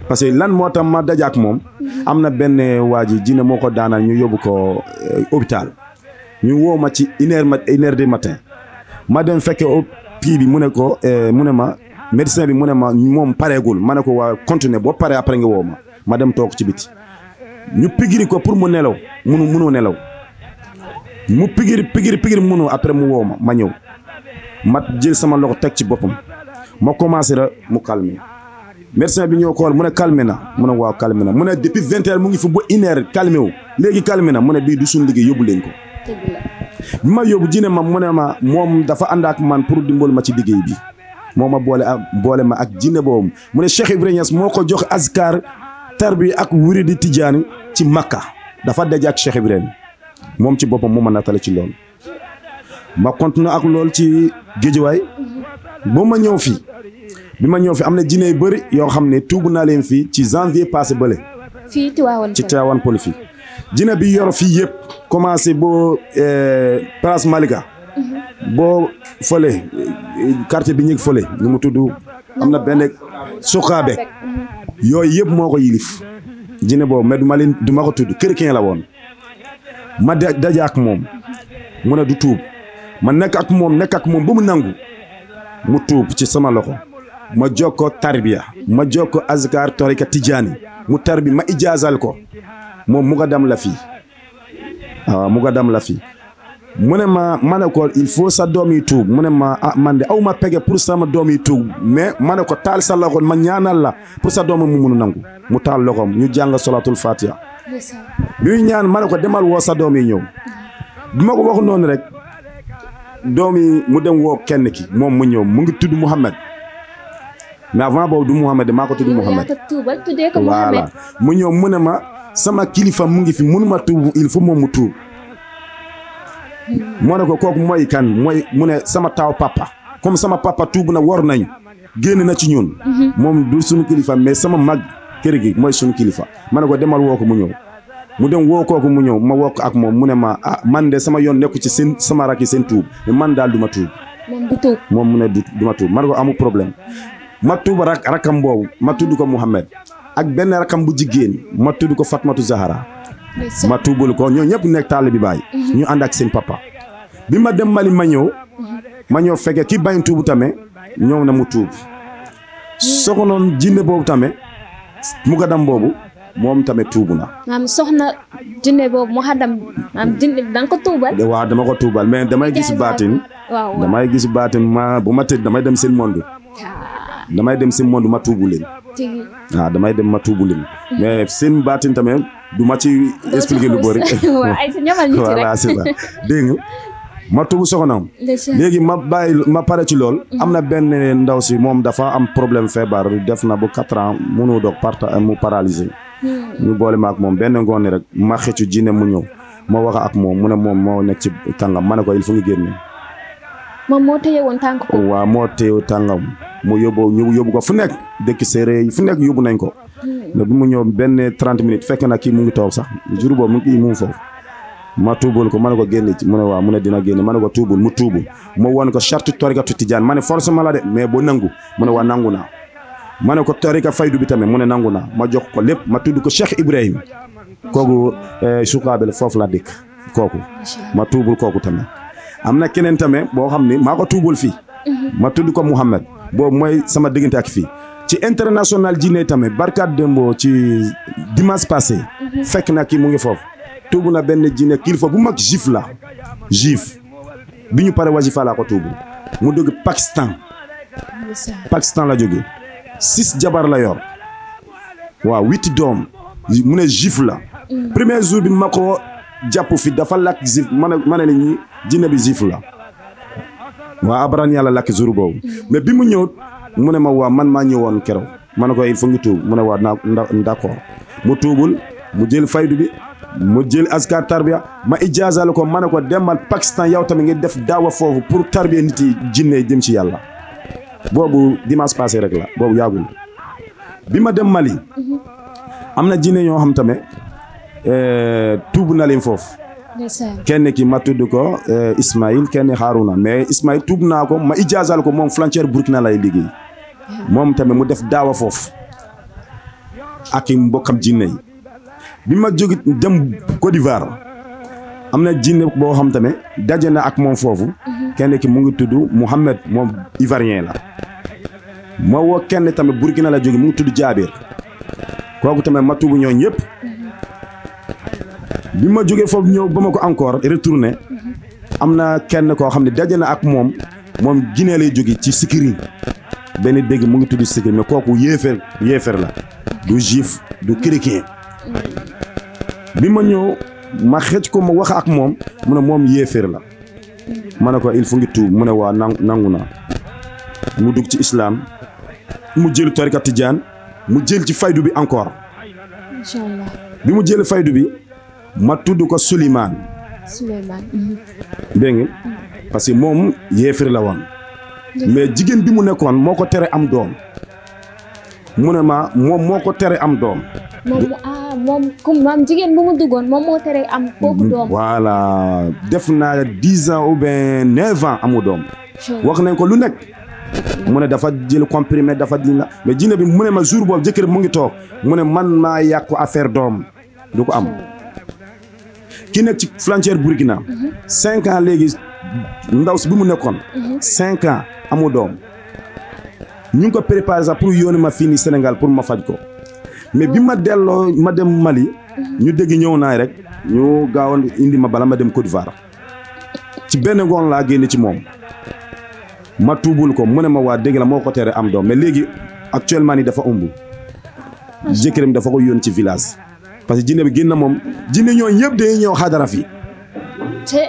parce que lan moo tam ma dajaak moom am na benn waa ji jinne moo ko daanal ñu yóbbu ko eh, hôpital ñu woo ma ci une heure une heure du matin ma dem fekke kii bi mu ne ko eh, mu ne ma médecin bi mu ne ma moom pareegul ma ne ko waa continuer boo paree après nga woo ma dem toog ci biti ñu pigiri ko pour mu nelaw munu munu nelaw mu pigiri pigiri pigiri munu après mu woo ma ma ñëw ma jël sama loxo teg ci boppam ma commencé ra mu calmer médecin bi ñëw ko xool mu ne calmé na mu ne waaw calmé na mu ne depuis mu ngi fi ba une heure wu léegi calmé na mu ne bii du suñu liggéey yóbbu leen ko. bi ma yóbbu ji ma mu ne ma moom dafa ànd ak man pour dimbal ma ci liggéey bi moo ma boole ak boole ma ak jinne boobu mu ne Cheikh Ibrahima Niass moo ko jox askar tarbi ak wuri di tijaani ci Makka dafa daje ak Cheikh Ibrahima moom ci boppam moo ma nattale ci loolu ma continué ak loolu ci géejuwaay ba ma ñëw fii bi ma ñëw fi am na jinne yu bëri yoo xam ne tuubu naa leen fii ci janvier passé bële. fii Tiwaawan ci Tiwaawan Pël fii. jinne bi yor fii yëpp commencé boo euh, place Malika. Mhm. boo fële quartier bi ñu fële nu mu tudd am na benn suqaabeeg mhm. yooyu yëpp moo ko yilif jinne boobu mais du ma leen du ma ko tudd chrétien la woon ma daje moom mu ne du tuub ma nekk ak moom nekk moom ba mu nangu mu tuub ci sama loxo ma jokkoo tarbiya ma jokkoo azkar tarika tijaani mu tarbi ma ijaazal ko moom mu nga dam la fii waaw mu la fii mu ne ma ma ne ko il faut sa doom yi tuub mu ne ma ah man de aw ma pege pour sama doom yi tuub mais ma ne ko taal sa loxo ma ñaanal la pour sa doom mu munu nangu mu taal mu ñu jàng solatul fatiha bi ñaan ma ne ko demal woo sa doom yi ñëw bi ko wax noonu rek doom yi mu dem woo kenn ki moom mu ñëw mu ngi tudd Muhammad mais avant boobu du Mouhamed maa ko tudd Mouhamed voilà mu ñëw mu ne ma sama kilifa mu ngi fi mënuma tuub il faut moom mu tuub moo ne ko kooku moy kan mooy mu ne sama taw papa comme sama papa tuub na wor nañ génn na ci ñun mhm. moom du suñu kilifa mais sama mag kër gi mooy suñu kilifa ma ko demal woo mu ñëw mu dem woo kooku mu ñëw ma woo ak moom mu ma ah man de sama yoon nekku ci seen sama rakk yi seen tuub mais man daal du ma tuub moom du tuub moom mu ne du ma ko amul problème ma tuub rak boobu ma tudd ko Mouhamed ak benn rakam bu jigéen ma tudd ko Fatmatu Zahara ma tuubal ko ñoo ñëpp nekk taalibe Baay mhm. ñu ànd ak seen papa bi ma dem Mali ma ñëw mhm. ma ñëw fekkee ki bañ tuubu tamit ñëw na mu tuub soxnoon jinne boobu tamit mu gadam boobu moom tamit tuubu na. maam soxna ko tuubal. waaw dama ko tuubal mais damay gis baatin. damay gis baatin ma bu ma tëdd damay dem seen monde. damay dem si moom du ma tuubu leen. waaw ah, damay dem ma tuubu leen. mais seen baatin tamit du ma ci expliquer lu bëri. waaw ay ñamal nit rek voilà dégg nga ma tuubu soxnaam. léegi ma bàyyi ma pare ci lool. Mhm. am na benn ndaw si moom dafa am problème feebar def na bu quatre ans mënu doog parta mu paralysé. Hmm. ñu boole ma ak moom benn ngoon rek ma xëccu jinne mu ñëw ma wax ak moom mu ne moom moo nekk ci kàngam ma ne ko il faut nga génn. moom moo téye woon tànk ko. waaw moo téye woon tàngam mu yóbbu ñu yóbbu ko fu nekk dëkk séeréer yi fu nekk yóbbu nañ ko. mais bi mu ñëw benn 30 minutes fekk na kii mu mm. ngi toog sax jour boobu mu ngi mu ngi foofu. ma tuubul ko ma ne ko génn ci mu ne waaw mu ne dina génn ma ne ko tuubul mu tuubul ma woon ko charte torikatu tijaan ma ne forcément la de mais boo nangu mu ne waa nangu naa. ma ne ko tarika faydu bi tamit mu ne nangu naa ma jox ko lépp ma tudd ko Cheikh Ibrahima kooku eh, Sukaabel foofu la dëkk kooku ma tuubul kooku tamit. Amna na keneen tamit boo xam ne maa ko mhm. ma tuddu ko mohammed bo moy sama digënté ak fi ci international ji tamé barkat dembo ci dimanche passé mhm. fekk na ki mu ngi foofu tuubu na benn jinne kilifa bu mag jif la jif biñu paré pare wajifa ko tuubu mu dugg Pakistan Pakistan la joggé six jabar la yor Wa huit dom mu né jif la mhm. premier jour bi mako japp fi dafa lakk juif ma jinne bi juif la waa abaran yàlla lakk jour boobu mais bi mu ñëw mu ne ma waa man maa ñëwoon keroog ma ne ko il faut nga tuub mu ne waa naa mu tuubul mu jël faydu bi mu jël askar tarbiya ma ijaazal ko ma ne ko demal Pakistan yow tamit ngi def daawa foofu pour tarbiya nit yi jinne jëm ci yàlla boobu dimanche passé rek la boobu yaagul bi ma dem Mali mhm. am na jinne ñoo xam tamit eh, tuub na leen foofu kenn ki ma tudd ko eh, Ismaïl kenn Haruna mais Ismaïl tuub naa ko ma ijaazal ko moom frontière Burkina lay liggéey moom tamit mu def daawa foofu ak i mbokkam jinne yi bi ma jóg dem Côte am na jinne boo xam tamit daje na ak moom foofu mm-hmm. kenn ki mu ngi tudd Mouhamed moom Ivoirien la ma woo kenn tamit Burkina la jóge mu ngi tudd Jaabir kooku tamit ma tuub ñoo ñëpp mm-hmm. bi ma jógee foofu ñëw ba ma ko encore retourné am na kenn koo xam ne na ak moom moom Guinée lay ci Sikiri benn dégg mu ngi tuddu Sikiri mais kooku yéeféer yéeféer la du juif du chrétien bi ma ñëw ma xej ko ma wax ak moom mu ne moom yéeféer la ma ko il faut ngi tu mu ne waa nangu mu dug ci islam mu jël tariqa tidiane mu jël ci faydu bi encore bi mu jël faydu bi ma tudd ko Souleymane. Souleymane. Mhm. dégg parce que moom yeefir la woon. mais jigéen bi mu nekkoon moo ko tere am doom. mu ne ma moom moo ko tere am doom. moom ah, moo tere am. kooku mhm. doom voilà def naa dix ans ou bien neuf ans amu doom. wax nañ ko lu nekk. mu ne dafa jël comprimé dafa di la mais jinne bi mu ne ma jour boobu jëkkër mu ngi toog mu ne man maa yàqu affaire doom du ko am. ki nekk ci frontière Burkina cinq ans léegi ndaw si bi mu nekkoon cinq ans amu doom ñu ngi ko préparé sax pour yónni ma fii nii Sénégal pour ma faj ko mais bi ma delloo ma dem Mali ñu dégg ñëw naay rek ñu gaawoon indi ma bala ma dem Côte d'Ivoire ci benn ngoon laa génne ci moom ma tuubul ko mu ne ma waa dégg la moo ko tere am doom mais léegi actuellement nii dafa ëmb jëkkëram dafa ko yónni ci village parce que jinne bi génn na moom jinne ñooñu yëpp dañuy ñëw xadara fii. te.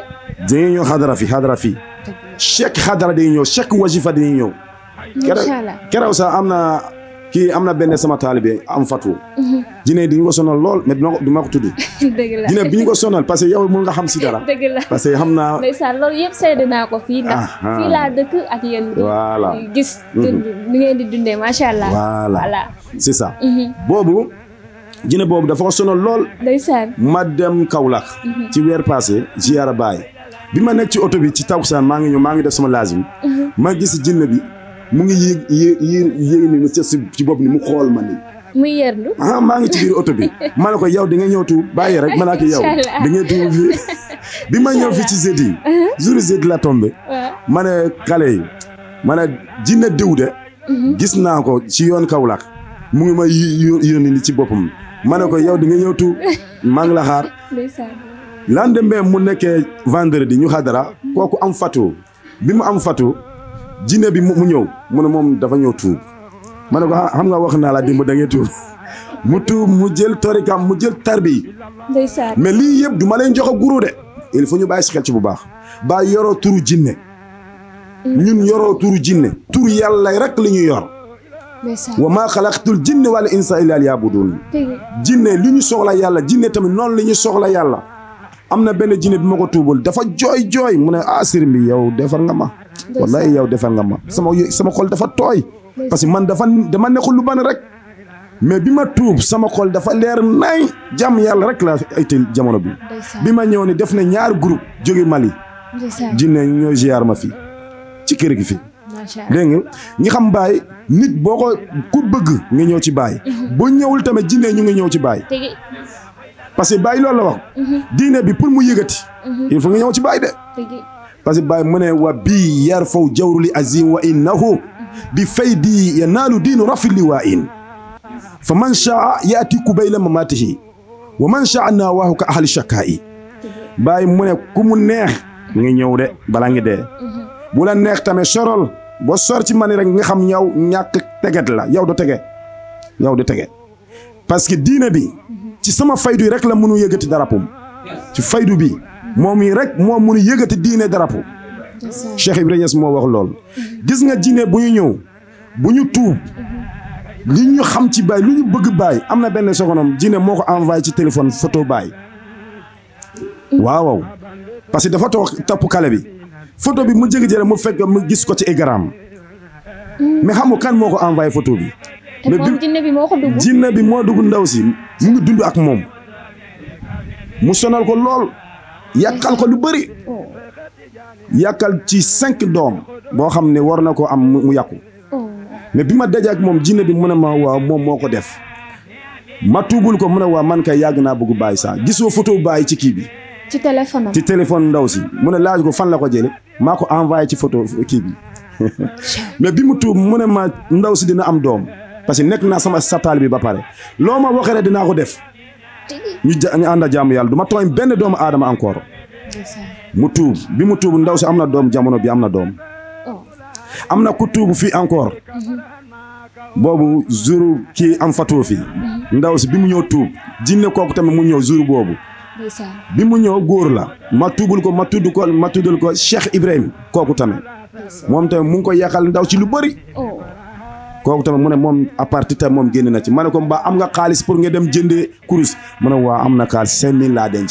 dañuy ñëw xadara fii xadara fii. chaque xadara ñëw chaque wajifa dañuy ñëw. kerew sax am na kii am na benn sama taalibe am fatu. Mhm. jinne yi dañu ko lool mais dina ko dina jinne bi ñu ko sonal parce que yow mun nga xam si dara. dëgg la parce que xam naa. ndeysaan loolu yëpp seede naa ko fii. ndax fii dëkk ak yéen. gis. Mhm. ni ngeen allah. Mhm. boobu. jinne boobu dafa ko sonal lool. ndeysaan ma dem Kaolack. Mhm. ci weer passé ziara baay bi ma nekk ci oto bi ci tawsaan maa ngi ñëw maa ngi def sama laazim. Mhm. ma gis jinne bi mu ngi yéeg yéeg ni mu set ci bopp ni mu xool ma nii. muy yerlu ah maa ngi ci biir oto bi ma ne ko yow di nga ñëw tuub bàyyi rek ma naa ko di bi ma fii ci jeudi uh-huh. jour la tombé ma ne xale yi ma ne jinne diw de mhm. gis naa ko ci yoon Kaolack mu ngi ma yónni ni ci boppam ma ne ko yow di nga ñëw tu maa ngi la xaar lendemain mu nekkee vendredi ñu xadara kooku am fatu bi mu am fatu jinne bi mu ñëw mu ne moom dafa ñëw tuub ma ne ko ah, xam nga wax naa la dimb da ngay tuub mu tuub mu jël torikam mu jël tarbi mais lii yëpp du ma leen jox a guru de il faut ñu bàyyi si xel bu baax baa yoroo turu jinne mm. ñun yoroo turu jinne turu yàlla rek li ñu yor wa maa xalaqtul jinne wala insa illa liyabudun jinne li ñu soxla yàlla jinne tamit noonu li ñu soxla yàlla am na benn jinne bi ma ko tuubal dafa jooy jooy mu ne ah sëriñ bi yow defar nga ma wallahi yow defar nga ma sama sama xol dafa tooy parce que man dafa dama ko lu ban rek mais bi ma tuub sama xol dafa leer nañ jàmm yàlla rek la ay te jamono bi bi ma ñëw ne def na ñaar groupe jóge Mali jinne ñooy ma fi ci kër gi fii dégg nga ñi xam baay nit boo ko ku bëgg ngi ñëw ci baay mhm. bu ñëwul tamit jinne ñu ngi ñëw ci baay parce que baay loolu la wax mhm. diine bi pour mu yëgati mhm. il faut nga ñëw ci baay de parce que baay mu ne wa bii yar faw jawruli azim wa innahu bi fay di yanaalu diinu rafi li waa in fa man shaa yaati kubayla mamaatihi wa man shaa naawaahu ka ahli shakkaa baay mu ne ku mu neex nga ñëw de bala ngi dee bu la neex tamit sorol boo sor ci mani rek nga xam yow ñàkk teget la yow du tege yow du tege parce que diine bi ci sama faydu yi rek la mënu yëgati darapum ci faydu bi moom yi rek moo mënu yëgati diine darapu Cheikh Ibrahima Niass moo wax loolu gis nga diine bu ñu ñëw bu ñu tuub li ñu xam ci baay lu ñu bëgg baay am na benn soxnaam diine moo ko envoyé ci téléphone photo baay waaw waaw que dafa toog topp kale bi photo bi mu jékki-jékki mu fekk mu gis ko ci Instagram mais xam nga kan moo ko envoyé photo bi. mais bi bi moo ko dugg bi moo dugg ndaw si mu ngi dund ak moom mu sonal ko lool yàqal ko lu bëri yàqal ci cinq doom boo xam ne war na ko am mu yàqu mais bi ma dajee ak moom jinne bi mu ne ma waaw moom moo ko def ma tuubul ko mu ne waaw man kay yàgg naa bëgg bàyyi saa gisoo photo bàyyi ci kii bi. ci téléphone ci téléphone ndaw si mu ne laaj ko fan la ko jëlee maa ko envoyé ci photo kii bi mais bi mu tuub mu ne ma ndaw si dina am doom parce que nekk naa sama sataal bi ba pare loo ma waxee dinaa ko def ñu ñu ànd a jàmm yàlla du ma tooñ benn doomu aadama encore. mu tuub bi mu tuub ndaw si am na doom jamono bi am na doom. Oh. am na ku tuub fii encore. Mm-hmm. boobu jour kii am fatoo fii. Mm-hmm. ndaw si bi mu ñëw tuub jinne kooku tamit mu ñëw jour boobu. bi mu ñëw góor la ma tuubul ko ma tudd ko ma tuddal ko Cheikh Ibrahim kooku tamit moom tamit mu ngi ko yàqal ndaw ci lu bëri oh. kooku tamit mu ne moom à partir tam moom génn na ci ma ne ko mbaa am nga xaalis pour nga dem jëndee kurus mu ne waa am na xaalis cinq mille laa denc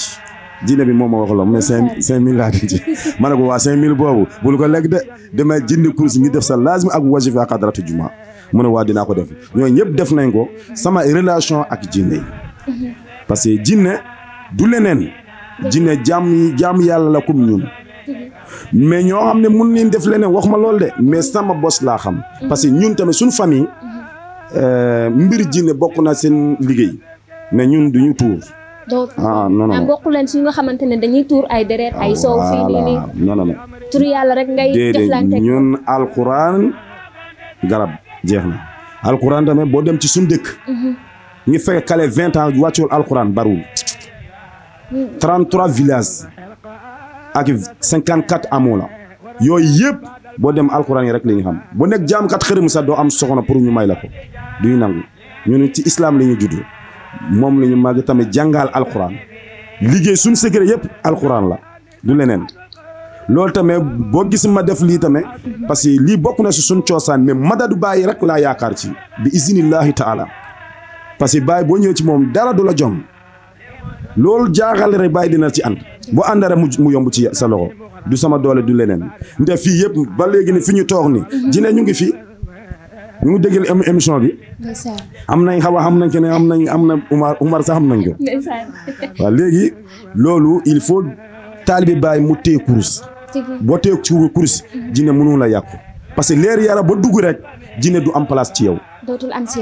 jinne bi moom ma wax la mu ne cinq cinq mille laa denc ma ne ko waa cinq mille boobu bul ko lekk de demee jënd kurus ngi def sa laazim ak wajifa ak xadratu jumaa mu ne waa dinaa ko def ñooñu ñëpp def nañ ko sama relation ak jinne yi mhm. jinne du leneen jinne jaam jaam yàlla la comme ñun mais ñoo xam ne mun nañ def leneen wax ma loolu de mais sama bos laa xam parce que ñun tamit suñu famille euh, mbir jinne bokk na seen liggéey mais ñun duñu tuur ah, ah bokk leen si nga xamante ne dañuy tuur ay deret ay soow ah, fii nii nii non non yàlla rek ngay garab jeex na alquran tamit boo dem ci suñ dëkk mhm. ñu fekk kale vingt ans wàccul alquran barul 33 villages ak 54 amoo la yooyu yëpp boo dem alxuraan yi rek la ñu xam bu nekk jaamkat xërëm sax doo am soxna pour ñu may la ko duñu nangu ñun ci islaam la ñu judd moom la ñu màgg tamit jàngaal alxuraan liggéey suñu secret yëpp alxuraan la du leneen loolu tamit boo gis ma def lii tamit parce que lii bokk na si suñ coosaan mais madadu bàyyi rek laa yaakaar ci bi iznillahi taala parce que bàyyi boo ñëwee ci moom dara du la jom loolu jaaxal rek bàyyi dina ci ànd boo àndara mu yomb ci sa loxo du sama doole du leneen nde fii yëpp ba léegi ni fi ñu toog ni jine ñu ngi fi ñu ngi déggal émission bi am nañ xaw am xam nañ keneen am nañ am na Umar Umar sax am nañ ko waaw léegi loolu il faut taalibi bàyyi mu téye kurus boo téye kurus jine mënu la yàqu parce que leer yàlla ba dugg rek jinne du am place ci yow. dootul am si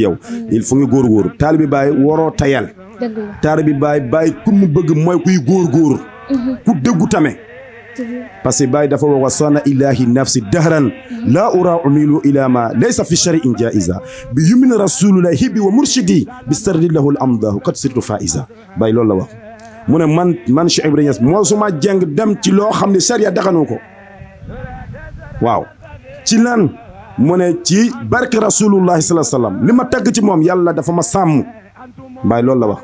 yow mm. il faut nga góor taalibi baay waroo tayal. dëgg la taalibi baay baay ku bëgg mooy kuy góor góor mm-hmm. ku dëggu tame. Mm-hmm. parce que baay dafa wa wasana ilahi nafsi dahran mm-hmm. la ura umilu ila ma laysa fi shari'in jaiza bi yumina rasulullahi bi wa murshidi bi sardi lahu al amdahu kat sirtu faiza baay loolu la wax. mu man man Cheikh Ibrahima Niass dem ci loo xam ne sariya daganoo ko ci lan mu ne ci barke rasulullahi salaa sallam li ma tagg ci moom yàlla dafa ma sàmm bàyyi loolu la wax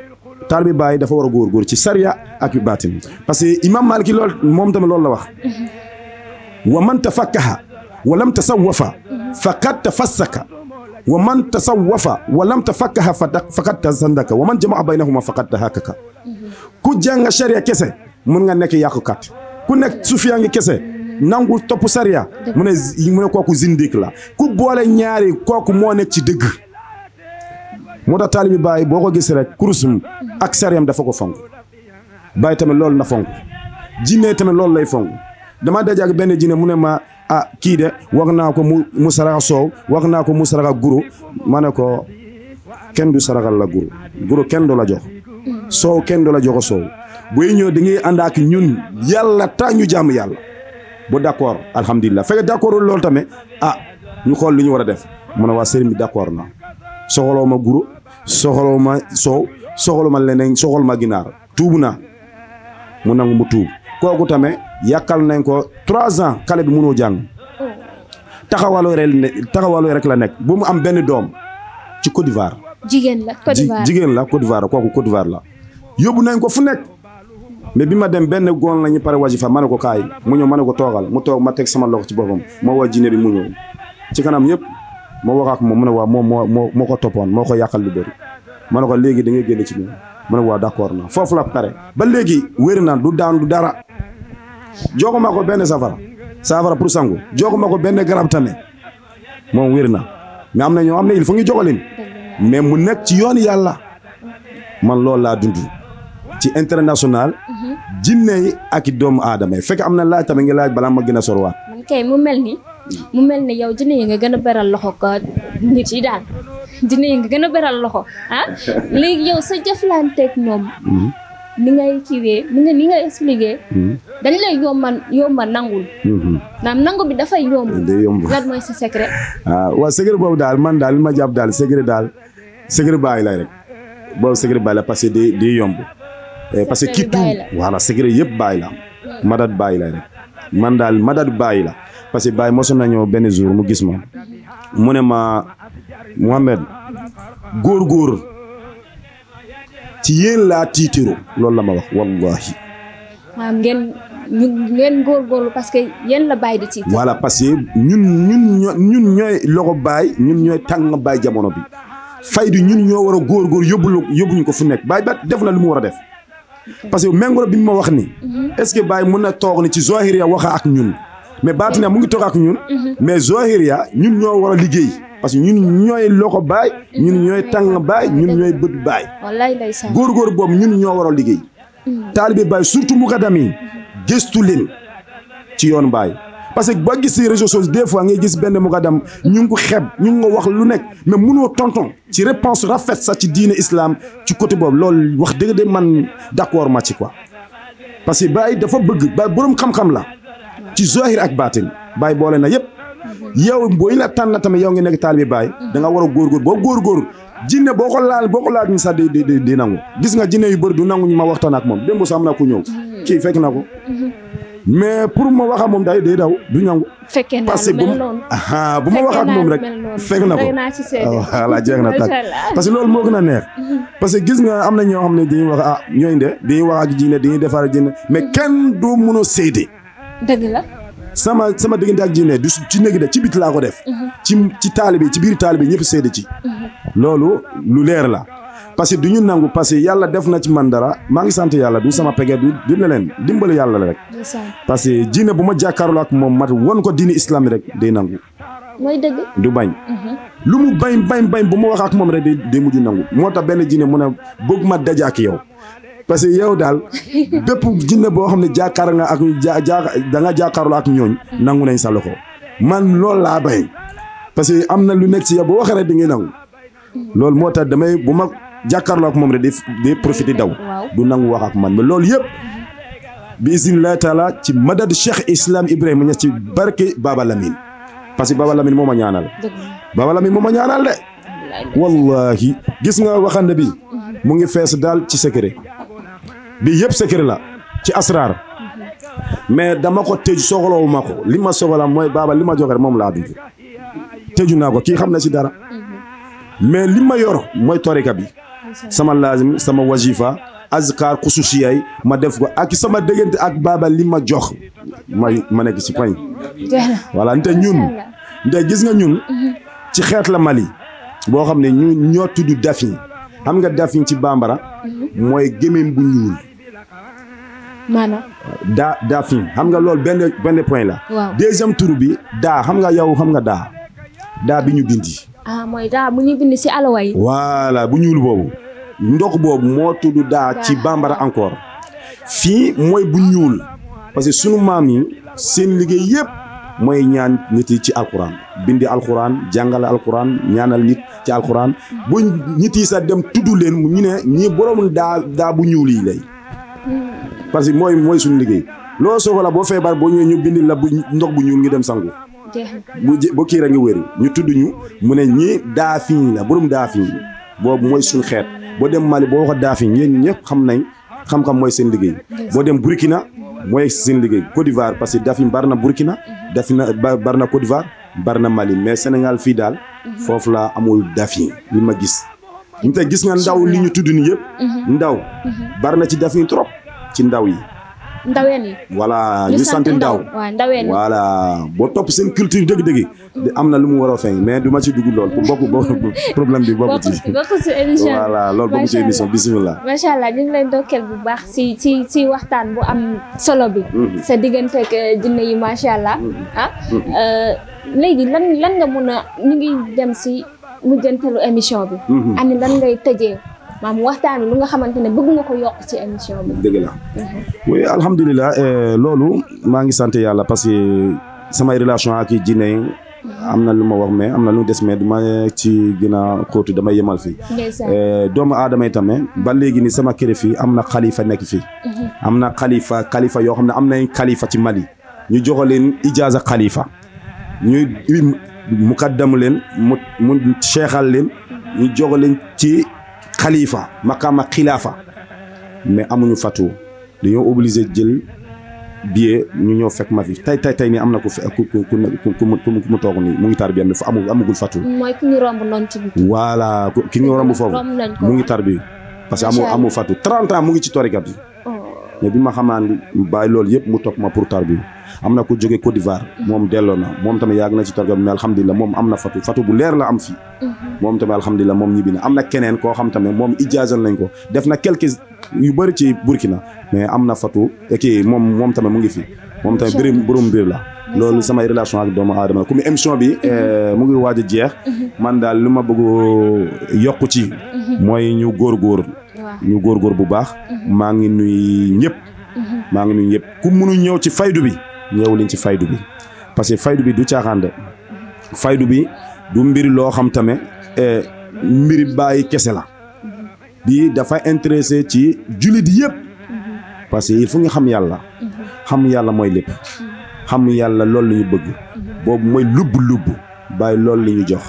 taal bi bàyyi dafa war a góorgóor ci sariya ak baatin parce que imam maliki lool moom tamit loolu la wax wa man tafakkaha wa lam tasawwafa ta tafassaka wa man tasawwafa wa lam tafakkaha faqad tasandaka wa man jamaa baynahuma faqad tahakkaka ku jàng sariya kese mun nga nekk yàqukat ku nekk sufiyaa ngi kese nangul topp sariya mu ne mu ne kooku zindik la ku boole ñaari kooku moo nekk ci dëgg moo tax taalibi Baay boo ko gis rek kurusum ak sariyam dafa ko fonk bay tami loolu na fonk jinne tamit loolu lay fonk dama daje ak benn jinne mu ne ma a ah, kii de wax naa ko mu mu saraxa soow wax naa ko mu saraxa guro ma ne ko kenn du saraxal la guro guro kenn du la jox mm. soow kenn du la jox soow booy ñëw da ngay ànd ak ñun yàlla ta ñu jàmm yàlla bu d' accord alhamdulilah fekk d' accord loolu tamit a ah, ñu xool li ñu war a def mu ne waa sëriñ bi d' accord na soxaloo ma guro soxaloo ma soow soxaloo ma leneen soxal ma ginaar tuub na mu nangu mu tuub kooku tamit yàkkal nañ ko trois ans xale bi mënoo jàng taxawaloo rek taxawaloo rek la nekk bu mu am benn doom ci Côte d'Ivoire. jigéen la Côte d'Ivoire jigéen la Côte d'Ivoire kooku Côte la yóbbu nañ ko fu nekk. mais bi ma dem benn goon la ñu pare wajifa ma ne ko kaay mu ñëw ma ko toogal mu toog ma teg sama loxo ci boppam ma woo jinne bi mu ñëw ci kanam ñëpp ma wax ak moom mu ne waa moom moo moo moo ko toppoon moo ko yàqal lu bëri ma ne ko léegi da ngay génn ci ñun ma ne waa d'accord na foofu la pare ba léegi wéri naan du daan du dara joxuma ko benn safara safara pour sangu joxuma ko benn garab tane moom wér na mais am na ñoo am ne il faut ñu jogaleen mais mu nekk ci yoon yàlla man loolu laa dund ci international jinne yi ak doomu aadama yi fekk am na laaj tamit ngi laaj balaa ma gën a sorwaat. man kay mu mel ni mu mel ni yow jinne yi nga gën a beral loxo ka nit yi daal jinne yi nga gën a beral loxo ah léegi yow sa jëflanteeg ñoom. Hmm. ni ngay kiiwee ni nga ni nga expliqué. Hmm. dañ hmm. yomb. day mooy sa secret. Ah, waa secret boobu daal man daal li ma jàpp daal secret daal secret bàyyi lay rek boobu secret bàyyi la parce que day day yomb. Eh, parce que ki tuub voilà secret yëpp bàyyi la madat bàyyi la rek man daal madat bàyyi la parce que bàyyi mosoon nañoo benn jour mu gis ma mu ne ma Mohamed góor-góor ci yéen laa tiitiru loolu la ma wax wallahi maanaam ngeen ñu ngeen que yéen la bàyyi parce que ñun ñun ñun ñooy loxo bàyyi ñun ñooy tàng baay jamono bi faydu ñun ñoo war a góor góorgóor yóbbu yóbbuñu ko fu nekk bàyyi ba def na lu mu war a def. parce que méngoro bi mu ma wax ni mhm. est-ce que Baye mën na toog ni ci Zouhairia waxa ak ñun mais baatina mu ngi toog ak ñun mhm. mais Zouhairia ñun ñoo war a liggéey parce que ñun ñooy loxo baay ñun ñooy tàng baay ñun ñooy bët baay góor-góor boobu ñun ñoo war a liggéey mhm. taalibe baay surtout mu kadam yi gëstu leen ci yoon baay parce que boo gis si réseaux sociaux des fois ngay gis benn mukaddam ñu ngi ko xeeb ñu ngi ko wax lu nekk mais mënoo tonton ci réponse rafet sax ci diine islam ci côté boobu loolu wax dëgg de man d'accord ma ci quoi. parce que Baye dafa bëgg Baye borom xam-xam la ci zahir ak baatin baay boole na yëpp yow booy la tànn tamit yow ngi nekk taalibe baay da nga war a góorgóor boo góorgóor jinne boo ko laal boo ko laal ñu sax di di di nangu gis nga jinne yu bëri du nangu ma waxtaan ak moom démb sax am na ku ñëw kii na ko. mais pour ma wax ak moom day day daw du ñangu. fekkee naa lu mel noonu bu ma wax ak moom rek. fekk na ko voilà jeex na tàkk parce que loolu moo gën a neex. parce que gis nga am na ñoo xam ne dañuy wax ah ñooy de dañuy wax ak jinne dañuy defar jinne mais kenn du mun a seede. dëgg la. sama sama diggante ak du ci néeg de ci bit laa ko def. Mhm. ci ci taalibe ci biir taalibe ñëpp seede ci. Mhm. loolu lu leer la. parce que du ñu nangu parce que yàlla def na ci man dara maa ngi sant yàlla du sama pege du du leneen dimbali yàlla la rek. parce que diine bu ma jàkkaarloo ak moom mat won ko diini islam rek day nangu. mooy dëgg. du bañ. Mhm. lu mu bañ bañ bañ bu ma wax ak moom rek di day mujj nangu moo tax benn diine mu ne bëgg ma daje ak yow. parce que yow daal bépp jinne boo xam ne jàkkaar nga ak ja da nga jàkkaarloo ak ñooñ nangu nañ sa loxo man loolu laa bay parce que am na lu nekk ci yow boo waxee rek di ngay nangu mm. loolu moo tax damay bu jàkkaarloo ak moom rek day profité daw du nangu wax ak man mais loolu yëpp bi isnillahi taala ci madad Cheikh Islam Ibrahima Niass ci barke Baba Lamine parce que Baba Lamine moo ma ñaanal Baba Lamine moo ma ñaanal de wallahi gis nga waxande bi mu ngi fees daal ci secret bi yëpp secret la ci asrar mais dama ko tëj soxlawu ma ko li ma soxla mooy Baba li ma joxe moom laa dund tëju naa ko kii xam na si dara mhm. mais li ma yor mooy torika bi sama laazim sama wajifa azkar xususiya yi ma def ko ak sama déggante ak baabal li ma jox ma ma nekk ci pañ voilà nte ñun nte gis nga ñun mhm. ci xeet la Mali boo xam ne ñu ñoo tudd dafin xam nga dafin ci bambara mhm. mooy gémmiñ bu ñuul maanaam daa dafin xam nga lool benn benn point la deuxième tur bi daa xam nga yow xam nga daa daa bi ñu bindi ah mooy daa bu ñuul boobu ndox boobu moo tudd daa ci bambara encore fii mooy bu ñuul parce que sunu maam yi seen liggéey yëpp mooy ñaan nit yi ci alxuraan bindi alxuraan jàngale alxuraan ñaanal nit ci alxuraan bu nit yi sax dem tudd leen ñu ne ñii borom daa daa bu ñuul yi lay parce que mooy mooy suñu liggéey loo soxla boo feebar boo ñëwee ñu bindi la bu ndox bu ñuul ngi dem sangu bu kii rek nga ñu tudd mu ne ñi daa fiñ la borom daa fiñ boobu mooy suñu xeet boo dem Mali boo waxoon daafi ñeen ñëpp xam nañ xam-xam mooy seen liggéey boo dem na mooy seen liggéey Côte d'Ivoire parce que dafi bari na Burkina dafi na bari na Côte d'Ivoire bari na Mali mais Sénégal fii daal mhm. foofu laa amul dafi lu ma gis ñu te gis nga ndaw li ñu tudd ni yëpp mhm. ndaw mhm. bari na ci dafi trop ci ndaw yi ndaween yi voilà ñu sant ndaw waaw ndaween voilà boo topp seen culture dëgg-dëgg di am na lu mu war a feeñ mais duma ma ci dugg lool pour bokk problème bi bokk ci loolu bokk ci émission bisimilah macha allah ñu ngi baax si ci si waxtaan bu am solo bi mm-hmm. sa diggante ak euh, jinne yi macha allah mm-hmm. ah mm-hmm. Euh, léegi lan lan nga mun a ñu ngi dem si mujjantalu émission bi ani lan ngay tëjee maam waxtaanu lu nga xamante bëgg nga ko yokk ci émission bi. dëgg la oui alhamdulilah loolu maa ngi sant yàlla parce que samay relation ak jinne yi lu ma wax mais am lu des mais duma ci gën a dama yemal fii doomu aadama yi ba léegi ni sama kër fii am na xalifa nekk fii am na xalifa xalifa yoo xam ci Mali ñu joxo leen ijaaza xalifa ñuy leen mu mu leen ñu joxo ci xalifa maqaama xilaafa mais amuñu fatu dañoo obligé jël billet ñu ñëw fekk ma fi tey tey tey nii am na ku ku ku ku mu toog nii mu ngi tarbiya bi amul amagul fatu. mooy ki ñu romb ki ñu romb foofu mu ngi tarbiya parce que amu amu fatu 30 mu ngi ci tariqa bi. mais bi ma xamaan bàyyi loolu yëpp mu topp ma pour tarbi am na ku jóge Côte d'Ivoire moom delloo na moom tamit yàgg na ci targa bi mais alhamdulilah moom am na fatu fatu bu leer la am fii mhm. moom tamit alhamdulilah moom ñibbi na am na keneen koo xam tamit moom ijaazal nañ ko def na quelques yu bëri ci Burkina mais am na fatu kii moom moom tamit mu ngi fi moom tamit birim borom mbir la loolu samay relation ak doomu aadama la comme émission bi mhm. euh, mu ngi waaj a jeex mhm. man daal lu ma bëgg yokku ci mhm. mooy ñu góorgóor ñu góorgóor bu baax maa ngi nuy ñëpp maa ngi nuy ñëpp ku mënu ñëw ci faydu bi ñëw liñ ci faydu bi parce que faydu bi du caaxaan faydu bi du mbir loo xam tamit euh, mbiri bàyyi kese la bi dafa intéressé ci jullit yëpp parce que fu faut xam yàlla xam yàlla mooy lépp xam yàlla loolu la ñu bëgg boobu mooy lubb-lubb bàyyi loolu li ñu jox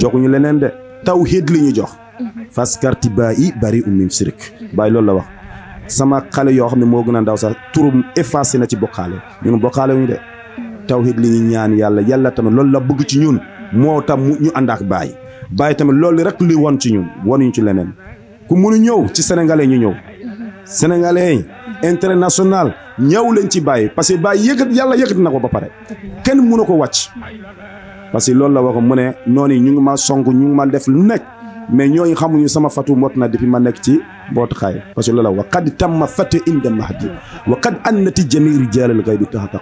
joxuñu leneen de tawhid li ñu jox mhm. faskarti baa yi bari umim sirik bàyyi loolu la wax sama xale yoo xam ne moo gën a ndaw sax turum effacé na ci bokkaale ñun bokkaale ñu de tawhid li ñu ñaan yàlla yàlla tamit loolu la bëgg ci ñun moo tam ñu ànd ak bàyyi bàyyi tamit loolu rek li won ci ñun wonuñu ci leneen ku mënu ñëw ci sénégalais ñu international ñëw leen ci baye parce que baye yëkkat yàlla yëkkati nako ba pare kenn mënu ko wàcc parce que loolu la waxoon mu ne ñu ngi ma songu ñu ngi ma def lu nekk mais ñooñu xamuñu sama fatu mot na depuis ma nekk ci xay parce que loolu la wax qad tamma fatu inda mahdi wa qad annati jami rijalal gaybi tahta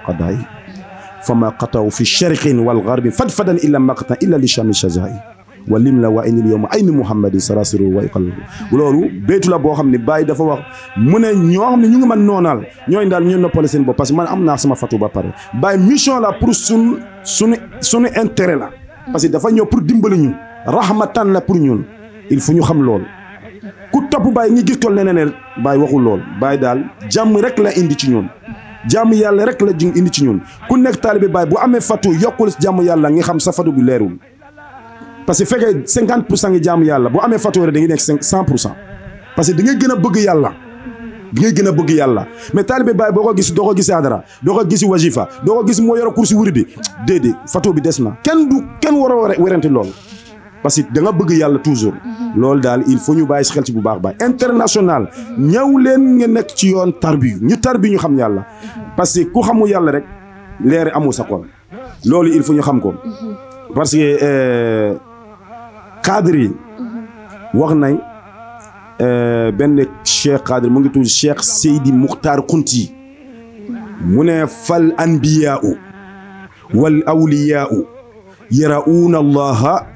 fama qataw fi sharqin wal garbi fadfadan illa maqta illa li shami shazai wa lim na waa indil yow ma ay ni Muhammad sarasiru wa iqal loolu béytu la boo xam ne bàyyi dafa wax mu ne ñoo xam ne ñu ngi man noonaal ñooy daal ñooy noppale seen bopp parce que man am naa sama fatu ba pare bàyyi mission la pour suñu suñu suñu intérêt la parce que dafa ñëw pour dimbali ñun rahmatan la pour ñun il faut ñu xam loolu ku topp bàyyi ñu gis leneen ne bàyyi waxul lool bàyyi daal jàmm rek la indi ci ñun jàmm yàlla rek la indi ci ñun ku nekk taalibe bàyyi bu amee fatu yokkul jàmm yàlla ngi xam sa fatu bi leerul parce que 50% cinquante pour cent ngi jaamu yàlla boo amee 100% parce que da ngay gën a bëgg yàlla da ngay bëgg yàlla mais taalibe Baay boo ko gis doo ko gis aadara doo gis wajifa doo ko gis moo yor kursi wuri bi déedéet fatoo bi des na kenn du kenn waroo werante loolu parce que da nga bëgg yàlla toujours loolu dal il faut ñu bàyyi si xel ci bu baax baax international ñëw leen nga nekk ci yoon tarbiyu ñu tarbiyu ñu xam yàlla parce que ku xamu yalla rek leer amu sa xol loolu il faut ñu xam ko parce que euh, xaadir wax nañ euh, benn cheikh xaadir mu ngi tudd cheikh Seydi Muxtaar Kunti mu ne fal anbiyaau wal awliyaau yarauuna allaha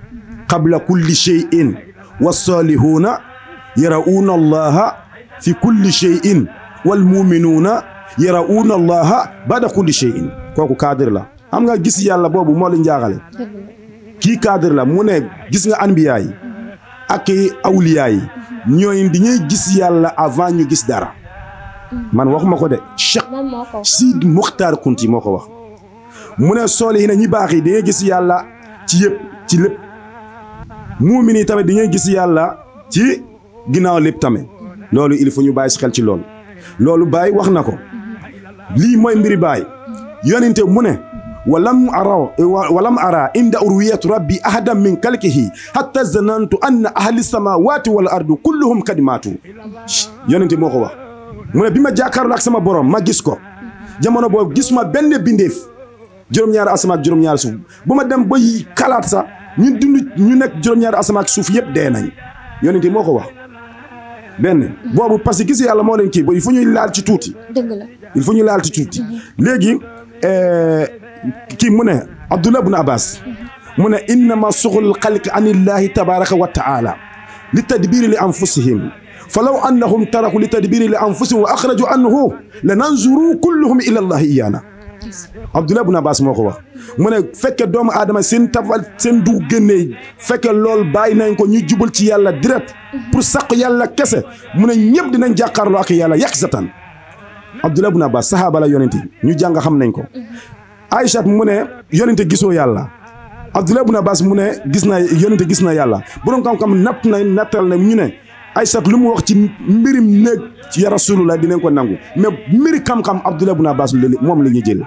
qabla kulli cheyin walsaalihuuna yarauuna allaha fi kulli cheyin walmuminuuna yarauuna allaha bada kulli cheyin kooku xaadir la xam nga gis yàlla boobu moo la njaaxale kii cadre la mu ne gis nga anbiya yi ak awliya yi ñooy di ñuy gis yàlla avant ñu gis dara man waxuma ko de Cheikh Sid Mokhtar Kunti moo ko wax mu ne soole yi ne ñi baax yi di ngay gis yàlla ci yëpp ci lépp muumin tamit di ngay gis yàlla ci ginnaaw lépp tamit loolu il faut ñu bàyyi si xel ci lool loolu Baye wax na ko lii mooy mbiri Baye yonente mu ne ولم أرى ولم أرى عند أروية ربي أحدا من كلكه حتى ظننت أن أهل السماوات والأرض كلهم قد ماتوا yonent moo ko wax mu bi ma jàkkaarloo ak sama borom ma gis ko jamono gis ma benn bindeef juróom-ñaari asamaan ak juróom-ñaari suuf bu ma dem ba kalaat sax ñun dund ñu nekk juróom yaar asamaan ak suuf yëpp dee nañ yonent moo ko wax benn boobu parce que gis yàlla moo leen kii ba il faut ñuy laal ci tuuti. ñu laal ci tuuti mm-hmm. léegi. Eh, kii mu ne abdullah bun abbas mu ne innama suxul xalqi an illahi tabaraka wa taala li tadbiri li anfusihim فلو أنهم تركوا لتدبير لأنفسهم وأخرجوا أنه لننظروا كلهم إلى الله إيانا Abdoulaye Ibn Abbas moo ko wax mu ne fekke doomu aadama seen tafal seen dugg génnee fekke lool bàyyi nañ ko ñu jubal ci yàlla direct pour saq yàlla kese mu ne ñëpp dinañ jàkkaarloo ak yàlla yàq satan Abdoulaye Ibn Abbas sahaaba la yonent ñu jàng xam nañ ko Aïcha mu ne yonente gisoo yàlla Abdullah ibn Abbas mu ne gis na yonente gis na yàlla borom xam-xam natt na nattal na ñu ne Aïcha lu mu wax ci mbirim néeg ci ya rasulullah dinañ ko nangu mais mbiri xam-xam Abdullah ibn Abbas li moom la ñuy jël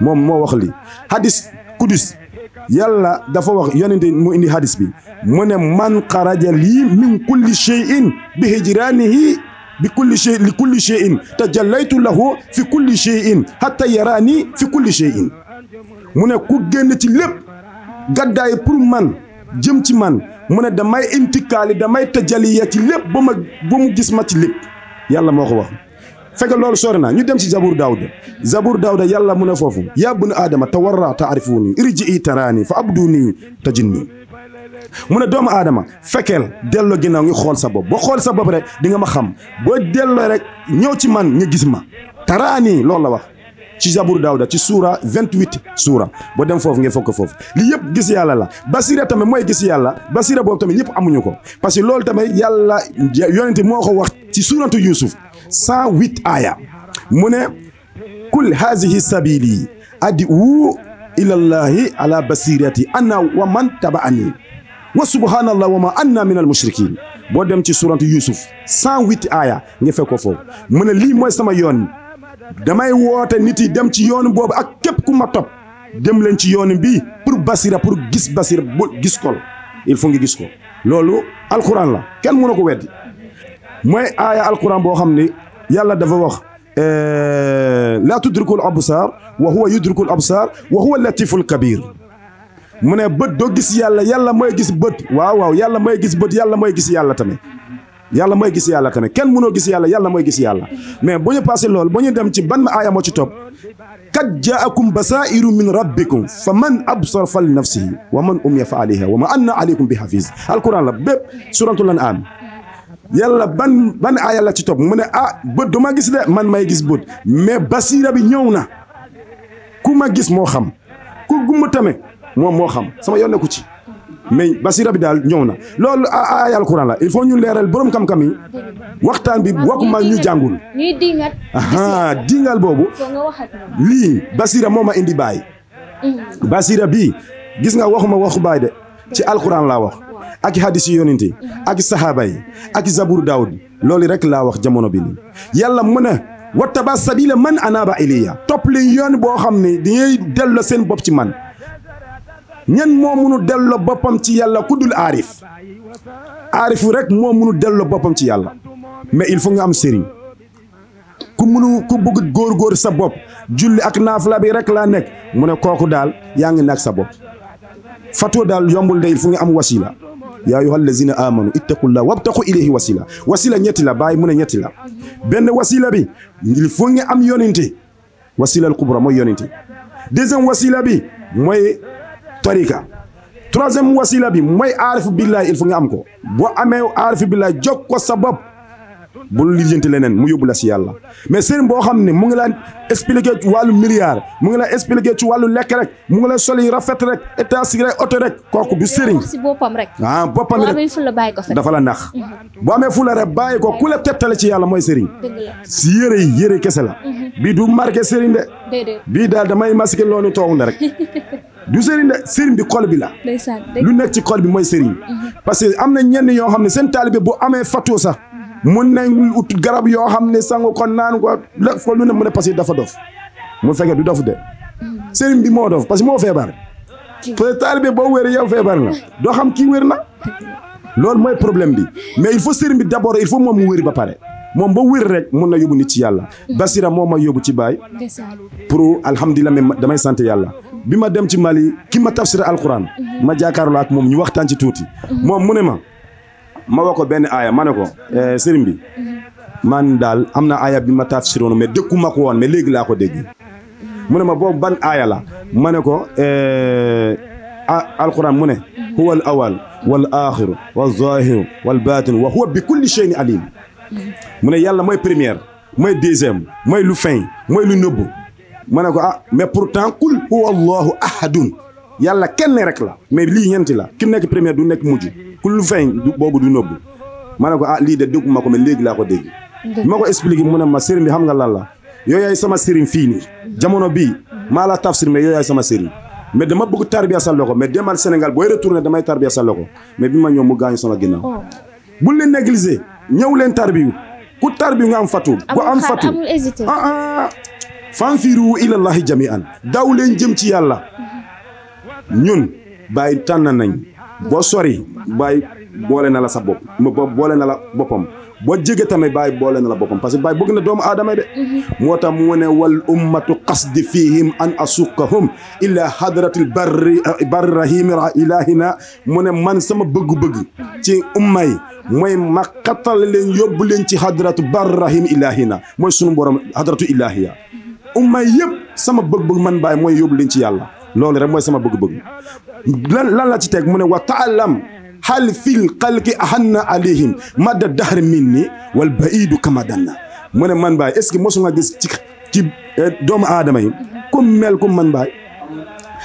moom moo wax li hadis kudus yàlla dafa wax yonente mu indi hadis bi mu ne man xaraja lii min kulli shay'in bi hijranihi bi kulli shay li kulli shay'in tajallaytu lahu fi kulli shay'in hatta yarani fi kulli shay'in mu ne ku génn ci lépp gàddaay pour man jëm ci man mu ne damay intikaali damay tajaliya ci lépp ba ma ba mu gis ma ci lépp yàlla moo ko wax fekk loolu sori na ñu dem ci Zabur Daawuda Zabur Daawuda yàlla mu ne foofu yaa bun aadama tawarra taarifuuni irji'i taraani fa abduni tajinni mu ne doomu aadama fekkeel delloo ginnaaw ngi xool sa bopp boo xool sa bopp rek di ma xam boo delloo rek ñëw ci man ñu gis ma taraani loolu la wax ci Zabur Daawda ci suura 28 suura boo dem foofu nga fokk foofu li yëpp gis yàlla la basira tamit mooy gis yàlla basira boobu tamit yëpp amuñu ko parce que loolu tamit yàlla yonente moo ko wax ci suuratu Yuusuf 108 aaya mu ne kul hazihi sabili ad'u ilallahi ala basirati ana wa man tabaani wa subhanallah wa ma anna min al mushrikin boo dem ci suuratu Yuusuf 108 aaya nga fekk ko foofu mu ne lii mooy sama yoon damay woote nit yi dem ci yoonu boobu ak képp ku ma topp dem leen ci yoonu bi pour basira pour gis basira bu gis ko il faut nga gis ko loolu alxuraan la kenn mënu ko weddi mooy aaya alxuraan boo xam ni yàlla dafa wax eh, laa tudrikul absaar wa huwa yudrikul absaar wa huwa latiful kabir mu ne bët doo gis yàlla yàlla mooy gis bët waaw waaw yàlla mooy gis bët yàlla mooy gis yàlla tamit yàlla mooy gis yàlla tamit kenn mënoo gis yàlla yàlla mooy gis yàlla mais bu ñu passé loolu bu ñu dem ci ban aaya moo ci topp kad jaakum basairu min rabbikum fa man absar fal nafsihi wa man umiya fa alayha wa ma anna alaykum bi hafiz alquran la bépp suratul an'am yàlla ban ban aaya la ci topp mu ne ah bët du ma gis de man may gis bët mais basira bi ñëw na ku ma gis moo xam ku gumma tamit moom moo xam sama yoon nekku ci mais basira bi daal ñëw na loolu ay alquran la il faut ñu leeral borom xam-xam yi waxtaan bi waxuma ñu jàngul. ñuy dingal. dingal boobu. lii basira moo ma indi baay. basira bii gis nga waxuma waxu baay de ci alquran laa wax ak hadis yi yonent yi ak saxaaba yi ak zabur daawud loolu rek laa wax jamono bi nii yàlla mën a wattaba sabila man anaba iliya topp leen yoon boo xam ne dingay dellu seen bopp ci man. ñan moo munu delloo boppam ci yàlla ku dul aarif aarifu rek moo munu delloo boppam ci yàlla mais il faut nga am sëriñ ku munu ku bëgg góor-góor sa bopp julli ak naafla bi rek laa nekk mu ne kooku daal yaa ngi nekk sa bopp fatoo daal yombul de il faut nga am wasila yaa ayyuha allazina amanu ittaqullah wabtaqu ilayhi wasila wasila ñetti la bàyyi mu ne ñetti la benn wasila bi il faut nga am yonente wasila al kubra mooy yonente deuxième wasila bi mooy طريقة ترازم وسيلة بي موي عارف بالله الفن عمكو بو أميو عارف بالله جوك وسبب بول لي جنت لنن مو يوبلا سي الله مي سيرن بو خامني موغي لا اسبليكي تي مليار موغي لا اسبليكي تي والو ليك رك موغي لا سولي رافيت رك اتا سيغري اوتو رك كوكو بي سيرن سي بوبام رك اه بوبام رك بو فول باي كو دا فلا ناخ بو امي فول رك باي كو كولا تيتال سي الله موي سيرن سي يري يري كيسلا بي دو ماركي سيرن دي بي دال داماي ماسكي لونو توغ رك du sëriñ de sëriñ bi xol bi la. lu nekk ci xol bi mooy sëriñ. Mm-hmm. parce que am na ñenn yoo xam ne seen taalibe bu amee fatoo sax. Mm-hmm. mun nañ ut garab yoo xam ne sangu ko naan ko la fa lu ne mu ne parce que dafa dof mu fekkee du dof de. Mm-hmm. sëriñ bi moo dof parce que moo feebar. parce que taalibe boo wér yow feebar na doo xam kii wér na. loolu mooy problème bi mais il faut sëriñ bi d' abord il faut moom mu wér ba pare. moom ba wér rek mun na yóbbu nit ci yàlla. Basira moo ma yóbbu ci baay. pour alhamdulilah damay sant yàlla. bi ma dem ci Mali ki ma tafsir alquran ma jàkkaarloo ak moom ñu waxtaan ci tuuti. moom mu ne ma ma wax ko benn aaya ma ne ko eh, sëriñ bi man daal am na aaya bi ma tafsiroon mais dëkku ma ko woon mais léegi laa ko dégg. mu ne ma boobu ban aaya la ma ne ko eh, alquran mu ne huwa al awal wal wa wal zahiru wal batin wa huwa bi kulli shay'in alim mu ne yàlla mooy première mooy deuxième mooy lu fin mooy lu nëbbu ma ah mais pourtant kul huwa allahu ahadun yàlla kenn rek la mais li ñent la ki nek premier du nek muju kul lu feeñ boobu du nobu manako ah li de deug mako mais leg la ko dégg mako expliquer ko mu ne ma serim bi xam nga lan la yow sama serim fi ni jamono bi mala tafsir mais yow yaay sama serim mais dama bëgg tarbiya sa loxo mais demal Sénégal boy retourner damay tarbiya sa loxo mais bima ñom mu gañ sama ginnaw bu len négliger ñëw len tarbiyu ku tarbiyu nga am fatu ku am fatu ah ah fanfiru ilallahi jami'an daw leen jëm ci yàlla ñun bàyyi tànn nañ boo sori bàyyi boole na la sa bopp boole na la boppam boo jege tamit bàyyi boole na la boppam parce que bàyyi bëgg na doomu aadama de moo tax mu ne wal ummatu qasdi fihim an asuqahum ila hadratil barri barrahim ilahina mu ne man sama bëgg-bëgg ci umma yi mooy ma xatal leen yóbbu leen ci hadratu barrahim ilahina mooy sunu borom hadratu ilahiya umma yëpp sama bëgg-bëgg man baay mooy yóbbu leen ci yàlla loolu rek mooy sama bëgg-bëgg lan lan la ci teg mu ne wa taalam hal fil xalqi ahanna alayhim madda dahri min ni wal baidu kama danna mu ne man baay est ce que mosu gis ci ci eh, doomu aadama yi comme mel comme man baay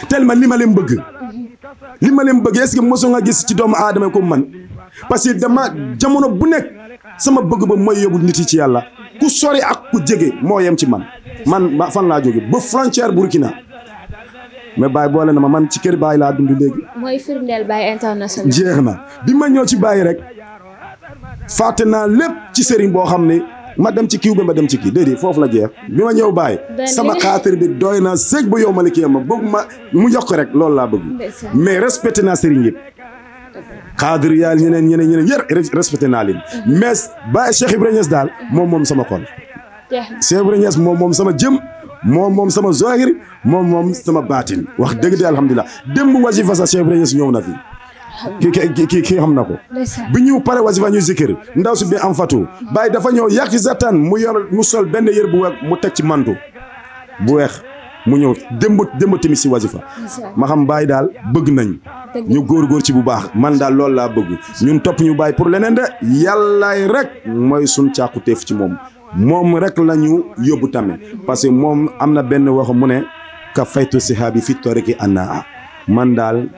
tellement li ma leen bëgg li ma leen bëgg est ce que mosu nga gis ci doomu aadama yi comme man parce que dama jamono bu nekk sama bëgg ba mooy yóbbu nit ci yàlla ku sori ak ku jóge moo yem ci man man fan laa jóge ba frontière Burkina mais Baye boole na ma man ci kër Baye laa dund léegi. jeex na bi ma ñëw ci bàyyi rek fàtte naa lépp ci sëriñ boo xam ne ma dem ci kiw bi ma dem ci kii déedéet foofu la jeex bi ma ñëw Baye. sama xaatir bi doy na sëg ba yow ma la kii ma bëgg ma mu yokk rek loolu laa bëgg. mais respecté naa sëriñ yëpp. قادر يال ينين ينين ينين ير رسبت نالين مس با الشيخ إبرينيس دال موم موم سما كون الشيخ إبرينيس موم موم سما جيم موم موم سما زوهر موم موم سما باتين وخ دغ دي الحمد لله ديم واجي فاسا الشيخ إبرينيس نيو نافي كي كي كي هم نكو بنيو بارا وزيفا نيو ذكر نداو سبي ام فاتو باي دافا نيو ياكي زاتان مو يور مسول بن يربو مو تك ماندو بوخ mu ñëw démb démb tamit si wasifa ma xam Baye daal bëgg nañ ñu góorgóor ci bu baax man daal loolu laa bëgg ñun topp ñu Baye pour leneen de yàllaay rek mooy suñ càkkutéef ci moom moom rek la ñu yóbbu tamit parce que moom am na benn wax mu ne ka faytu sihaabi fi toriki anaa man daal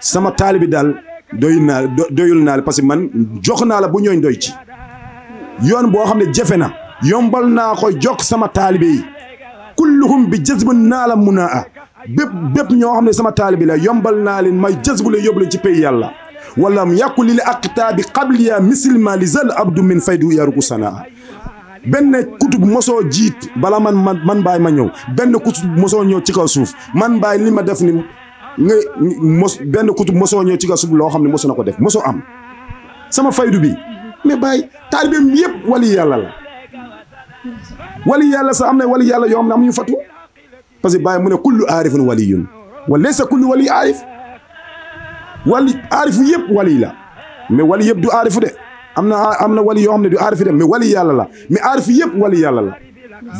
sama taalibi daal doy naa doyul naa le parce que man jox naa la bu ñooñ doy ci yoon boo xam ne jafe na yombal naa ko jox sama taalibe yi kulluhum bi jazbin naa la mun a bépp bépp ñoo xam ne sama taalibi la yombal naa leen may jazbu la yóbbu la ci yàlla wala mu yàqu li li aqtaabi qabliya misilma li zal abdu min faydu yaruku sanaa benn kutub mosoo jiit bala man man man baay ma ñëw benn kutub mosoo ñëw ci kaw suuf man baay li ma def ni nga mos benn kutub mosoo ñëw ci kaw suuf loo xam ne mosu na ko def mosoo am sama faydu bi mais baay taalibeem yëpp wali yàlla la ولي يالا سا امنا ولي يالا يوم نام فاتو باسكو باي مون كل عارف ولي وليس كل ولي عارف ولي عارف ييب ولي لا مي ولي ييب دو عارف دي امنا امنا ولي يوم دو عارف دي مي ولي يالا لا مي عارف ييب ولي يالا لا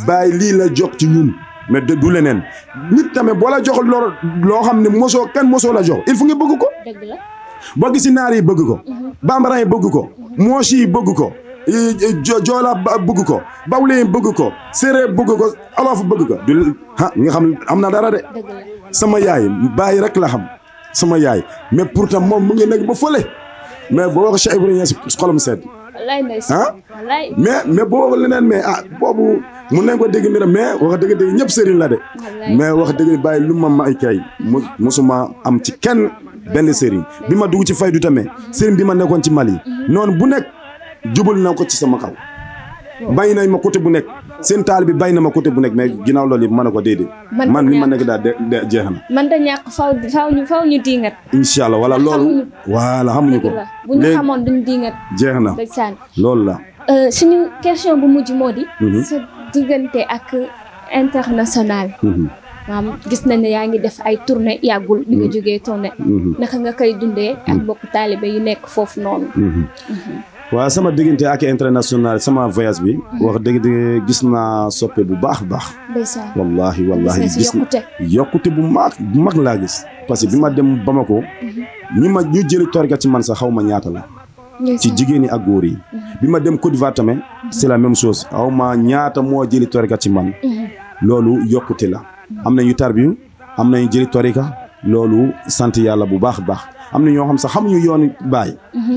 باي لي لا جوك تي نون مي دو دو لنين نيت تامي بولا جوخ لو لو خامني موسو كان موسو لا جوخ il faut nga beug ko deug la bo gisi nar yi beug ko mhm. bambara yi beug ko mhm. moshi beug ko Eh, eh, joolaa bëgg ko bawleen bëgg ko séeréer bëgg ko olof bëgg ko du ah nga xam am na dara de sama yaay bàyyi rek la xam sama yaay mais pourtant moom mu ngi nekk ba fële mais boo wax Cheikh Ibrahima si xolam sedd ah mais mais boo wax leneen mais ah boobu mun nañ ko dégg ni mais wax dëgg dëgg ñëpp sëriñ la de mais wax dëgg bàyyi lu ma may kay mu musuma am ci kenn benn sëriñ bi ma dugg ci fay du tamit sëriñ bi ma nekkoon ci Mali mm-hmm. noonu bu nekk jubal na ko ci sama kaw bay nañ ma côté bu nekk seen taal bi bay na ma côté bu nekk mais ginnaw loolu yëpp mën na ko déedéet. man li ma nekk daal de jeex na. man da ñàkk faw faw ñu faw ñu diingat. incha allah wala loolu. wala xamuñu ko. bu ñu xamoon duñ diingat. jeex na loolu la. Euh, suñu question bu mujj moo di. Mhm. sa diggante ak international. Mhm. maam gis nañ ne yaa ngi def ay tournée yàggul. bi nga mhm. jógee tournée. naka nga koy dundee. ak mbokk taalibe yu nekk foofu noonu. waaye sama diggante ak international sama voyage bi wax dëgg dëgg gis naa soppe bu baax baax wallahi wallahi gis na yokkute bu mag bu mag laa gis parce que bi ma dem Bamako ñi mhm. ma ñu jëli torga ci man sax xaw ma ñaata ci jigéen ñi ak góor yi mhm. bi ma dem Côte d'Ivoire mhm. la même chose xaw ma ñaata moo jëli torga ci man loolu yokkute la am na nañu tarbiyu am nañu jëli torika loolu sant yàlla bu baax baax am na ñoo xam sax xamuñu yoon baay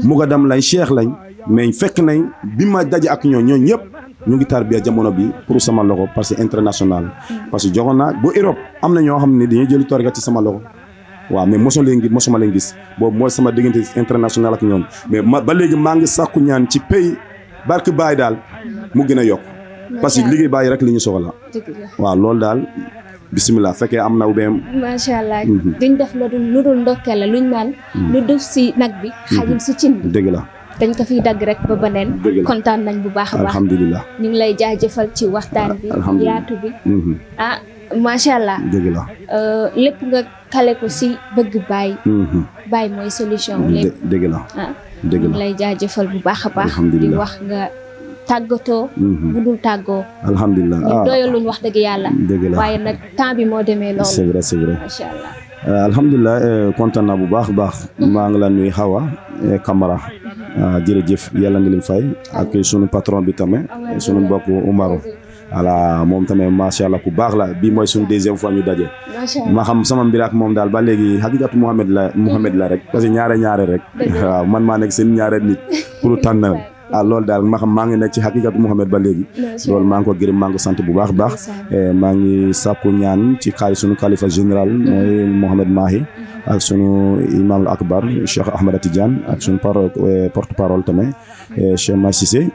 mugadam lañ cheikh lañ mais fekk nañ bi ma daje ak ñoo ñoo ñëpp ñu ngi tarbiya jamono bi pour sama loxo parce que international parce que jogona bu Europe am na ñoo xamni dañu jël torga ci sama loxo wa mais moso leen gis mosuma leen gis bo mo sama digënté international ak ñoom mais ba légui ma ngi sakku ñaan ci pays barke bay dal mu gëna yok parce que liggéey bay rek li ñu soxla wa lool dal bismillah fekkee am na ma sha allah mhm. duñ def lu dul lu dul luñ mhm. lu def si nak bi mhm. xajim ci cin deug la dañ ko fiy dagg rek ba beneen kontaan nañ bu baax a baax alhamdulilah ñu ngi lay jaajëfal ci waxtaan bi yaatu bi mm-hmm. ah macha allah dëgg la euh, lépp nga kale ko si bëgg bàyyi mm-hmm. bàyyi mooy solution lépp dëgg la ah dëgg la ñu ngi lay jaajëfal bu baax a baax di wax nga tàggatoo mm-hmm. bu dul tàggoo alhamdulilah ñu ah. doyaluñ wax dëgg yàlla dëgg la waaye nag temps bi moo demee loolu c'est vrai c'est vrai euh, alhamdulilah euh, kontaan bu baax baax maa ngi la nuyu Hawa Camara Ah, jërëjëf yàlla nga leen fay ak sunu patron bi tamit sunu mbokk Umaru voilà moom tamit macha allah ku baax la bii mooy suñu deuxième fois ñu daje. ma xam sama mbir ak moom daal ba léegi xaqiqatu Mouhamed la Mouhamed la rek. parce que ñaare ñaare rek. waaw man maa nekk seen ñaare nit pour tànnal. ah loolu daal ma xam maa ngi nekk ci xaqiqatu Mouhamed ba léegi. loolu maa ngi ko gërëm maa ngi sant bu baax baax. Eh, maa ngi saku ñaan ci xaalis suñu kalifa général mm-hmm. mooy Mouhamed Mahi. ak sunu imam akbar Cheikh Ahmada Tidiane ak sunu eh, porte parole tamit eh, Cheikh Massissé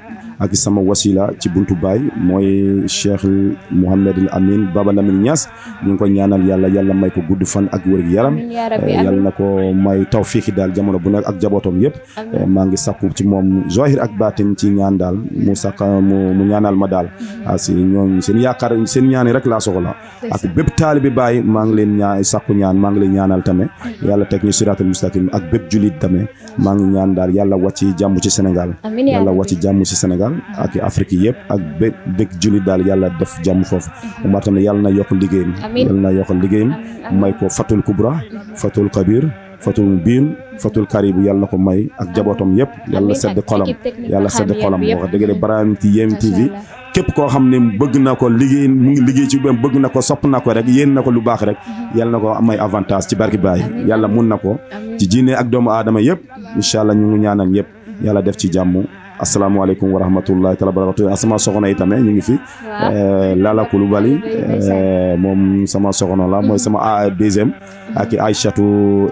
ak sama wasila ci buntu bay, moy cheikh mohammed al amin baba lamine nias ñu ko ñaanal yalla yalla may ko gudd fan ak wër yaram yalla eh, nako may tawfik dal jamono bu nak ak jabotom yépp eh, ma ngi sakku ci mom zahir ak batin ci ñaan dal mu saka mu ñaanal ma dal asi ah, ñoom seen yaakar seen ñaan rek la soxla ak bépp talibi bay ma ngi leen ñaan sakku ñaan ma ngi leen ñaanal tamé yalla tek ñu siratul mustaqim ak julit tamé ma ngi ñaan dal yalla jamm ci senegal yalla jamm ci senegal Sénégal ak Afrique yëpp ak bé dëkk jullit daal yàlla def jàmm foofu Omar tam yàlla na yokk liggéeyam yàlla na yokk liggéeyam may ko fatul kubra fatul kabir fatul biin fatul karibu yàlla na ko may ak jabootam yëpp yàlla sedd kolom yàlla sedd xolam wax dëgg de Barham TV képp koo xam ne bëgg na ko liggéey mu ngi liggéey ci benn bëgg na ko sopp na ko rek yéen na ko lu baax rek mhm. yàlla na ko may avantage ci barki baay yàlla mun na ko ci diine ak doomu aadama yëpp incha allah ñu ngi ñaanal yëpp mhm. yàlla def ci jàmm asalaamaaleykum wa rahmatullahi taala barakatu ah, sama soxna yi tamit ñu ngi fi eh, Lala Koulibaly eh, moom sama soxna la mooy sama deuxième mm-hmm. ak Aïchatou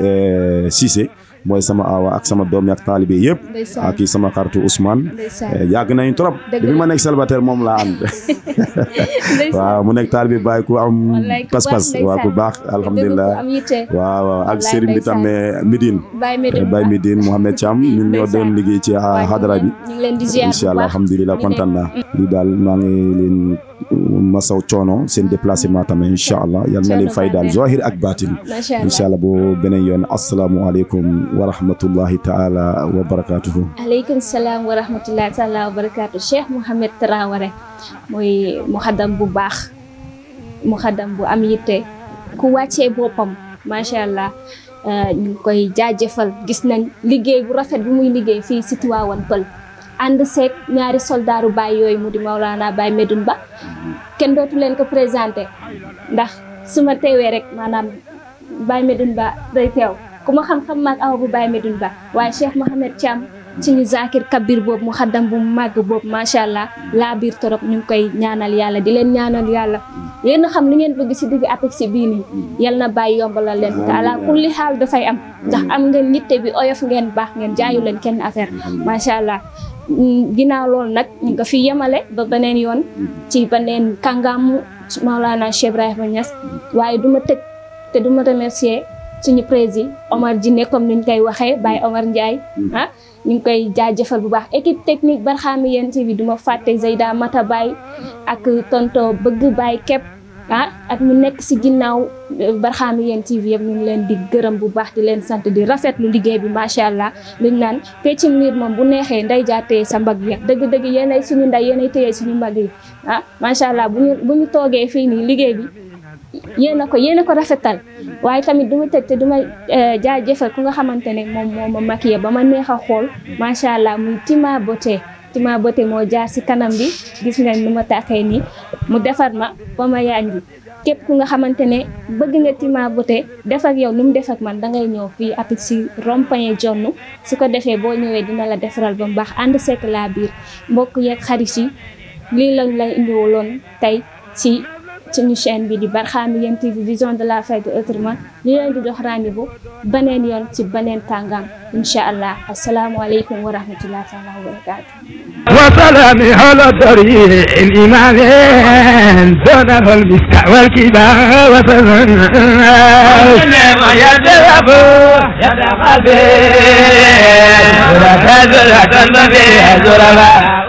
eh, Cissé mooy sama awa ak sama doom ak taalibe yëpp ak kii sama xaritu Ousmane eh, yàgg nañu trop depuis ma nekk célibataire moom laa ànd waaw mu nekk taalibe bàyyi ku am pas-pas waaw ku baax alhamdulilah waaw ak sëriñ bi tam eh, Midine Baye Midine Mouhamed Thiam ñun ñoo doon liggéey ci xadara ah, bi incha allah alhamdulilah kontaan naa mm. lii daal maa ngi leen uh, masaw coono seen mm. déplacement tamit incha allah yal na leen fay daal zahir ak baatin incha allah boo beneen yoon wa rahmatullahi taala wa barakaatuhu. aleykum salaam wa rahmatullahi taala wa barakaatuhu Cheikh Mouhamed Traoré mooy muxadam bu baax mu xaddam bu am yitte ku wàccee boppam macha allah euh, ñu ngi koy jaajëfal gis nañ liggéey bu rafet bi muy liggéey fii si Tiwaawan Pël ànd seeg ñaari soldaaru baay yooyu mu di Maolana Baay Medoune Ba kenn dootu leen ko présenté ndax su ma teewee rek maanaam Baay Medoune Ba day teew. kuma xam-xam mag awu baye medun ba waye cheikh cham ci ñu zakir kabir Bob mu xadam bu bob ma sha allah la bir torop ñu koy ñaanal yalla di leen ñaanal yalla yeen xam li ngeen bëgg ci digg apex bi ni yalla na baye yombalal leen te ala kulli da dafay am ndax am ngeen nitte bi oyof ngeen bax ngeen jaayu leen kenn affaire sha allah ginaaw lool nak ñu ko fi yemalé ba benen yoon ci benen kangam maulana cheikh ibrahim niass waye duma tek te duma remercier suñu président Omar Djiné comme niñ koy waxee bay Omar Ndjay mm. ha. Ah, ñu koy jaajeufal bu baax équipe technique barxaami yéen ci bi duma faté Mata bay, ak tonto bëgg bay Kep ha. Ah, ak ñu nekk si ginnaaw euh, barxaami yéen TV yëpp ñu leen di gërëm bu baax di leen sante di rafetlu liggéey bi sha allah luñ naan peccum liir mom bu nexé nday jaaté sa mbag ya dëgg-dëgg yeenay suñu nday yeenay suñu mbag yi ah, ma sha allah buñu buñu bu fi ni liggéey bi yéen ko yéen a ko rafetal waaye tamit du ma tëj te du ma eh, jaajëfal ku nga xamante ne moom moo ma maquillé ba ma neex a xool macha allah muy Tima Beauté Tima Beauté moo jaar si kanam bi gis nga nu ma taaxee nii mu defar ma ba ma yaañ képp ku nga xamante ne bëgg nga Tima def ak yow nu mu def ak man dangay ñëw fii apit si rond-point jonn su ko defee boo ñëwee dina la defaral ba mu baax ànd sekk laa biir mbokk yeeg xarit yi lii lañ la indiwuloon tey si suñu chaîne bi di Barhamiennes TV vision de la fête autrement li leen di jox rendez-vous beneen yoon ci beneen tàngaam incha allah asalaamualeykum wa rahmatullahi taala wa barakaatu. وسلام على الطريق الإيمان دونه المسكع والكبار وسلام يا ذهب يا ذهب لا تزل تنبه زربا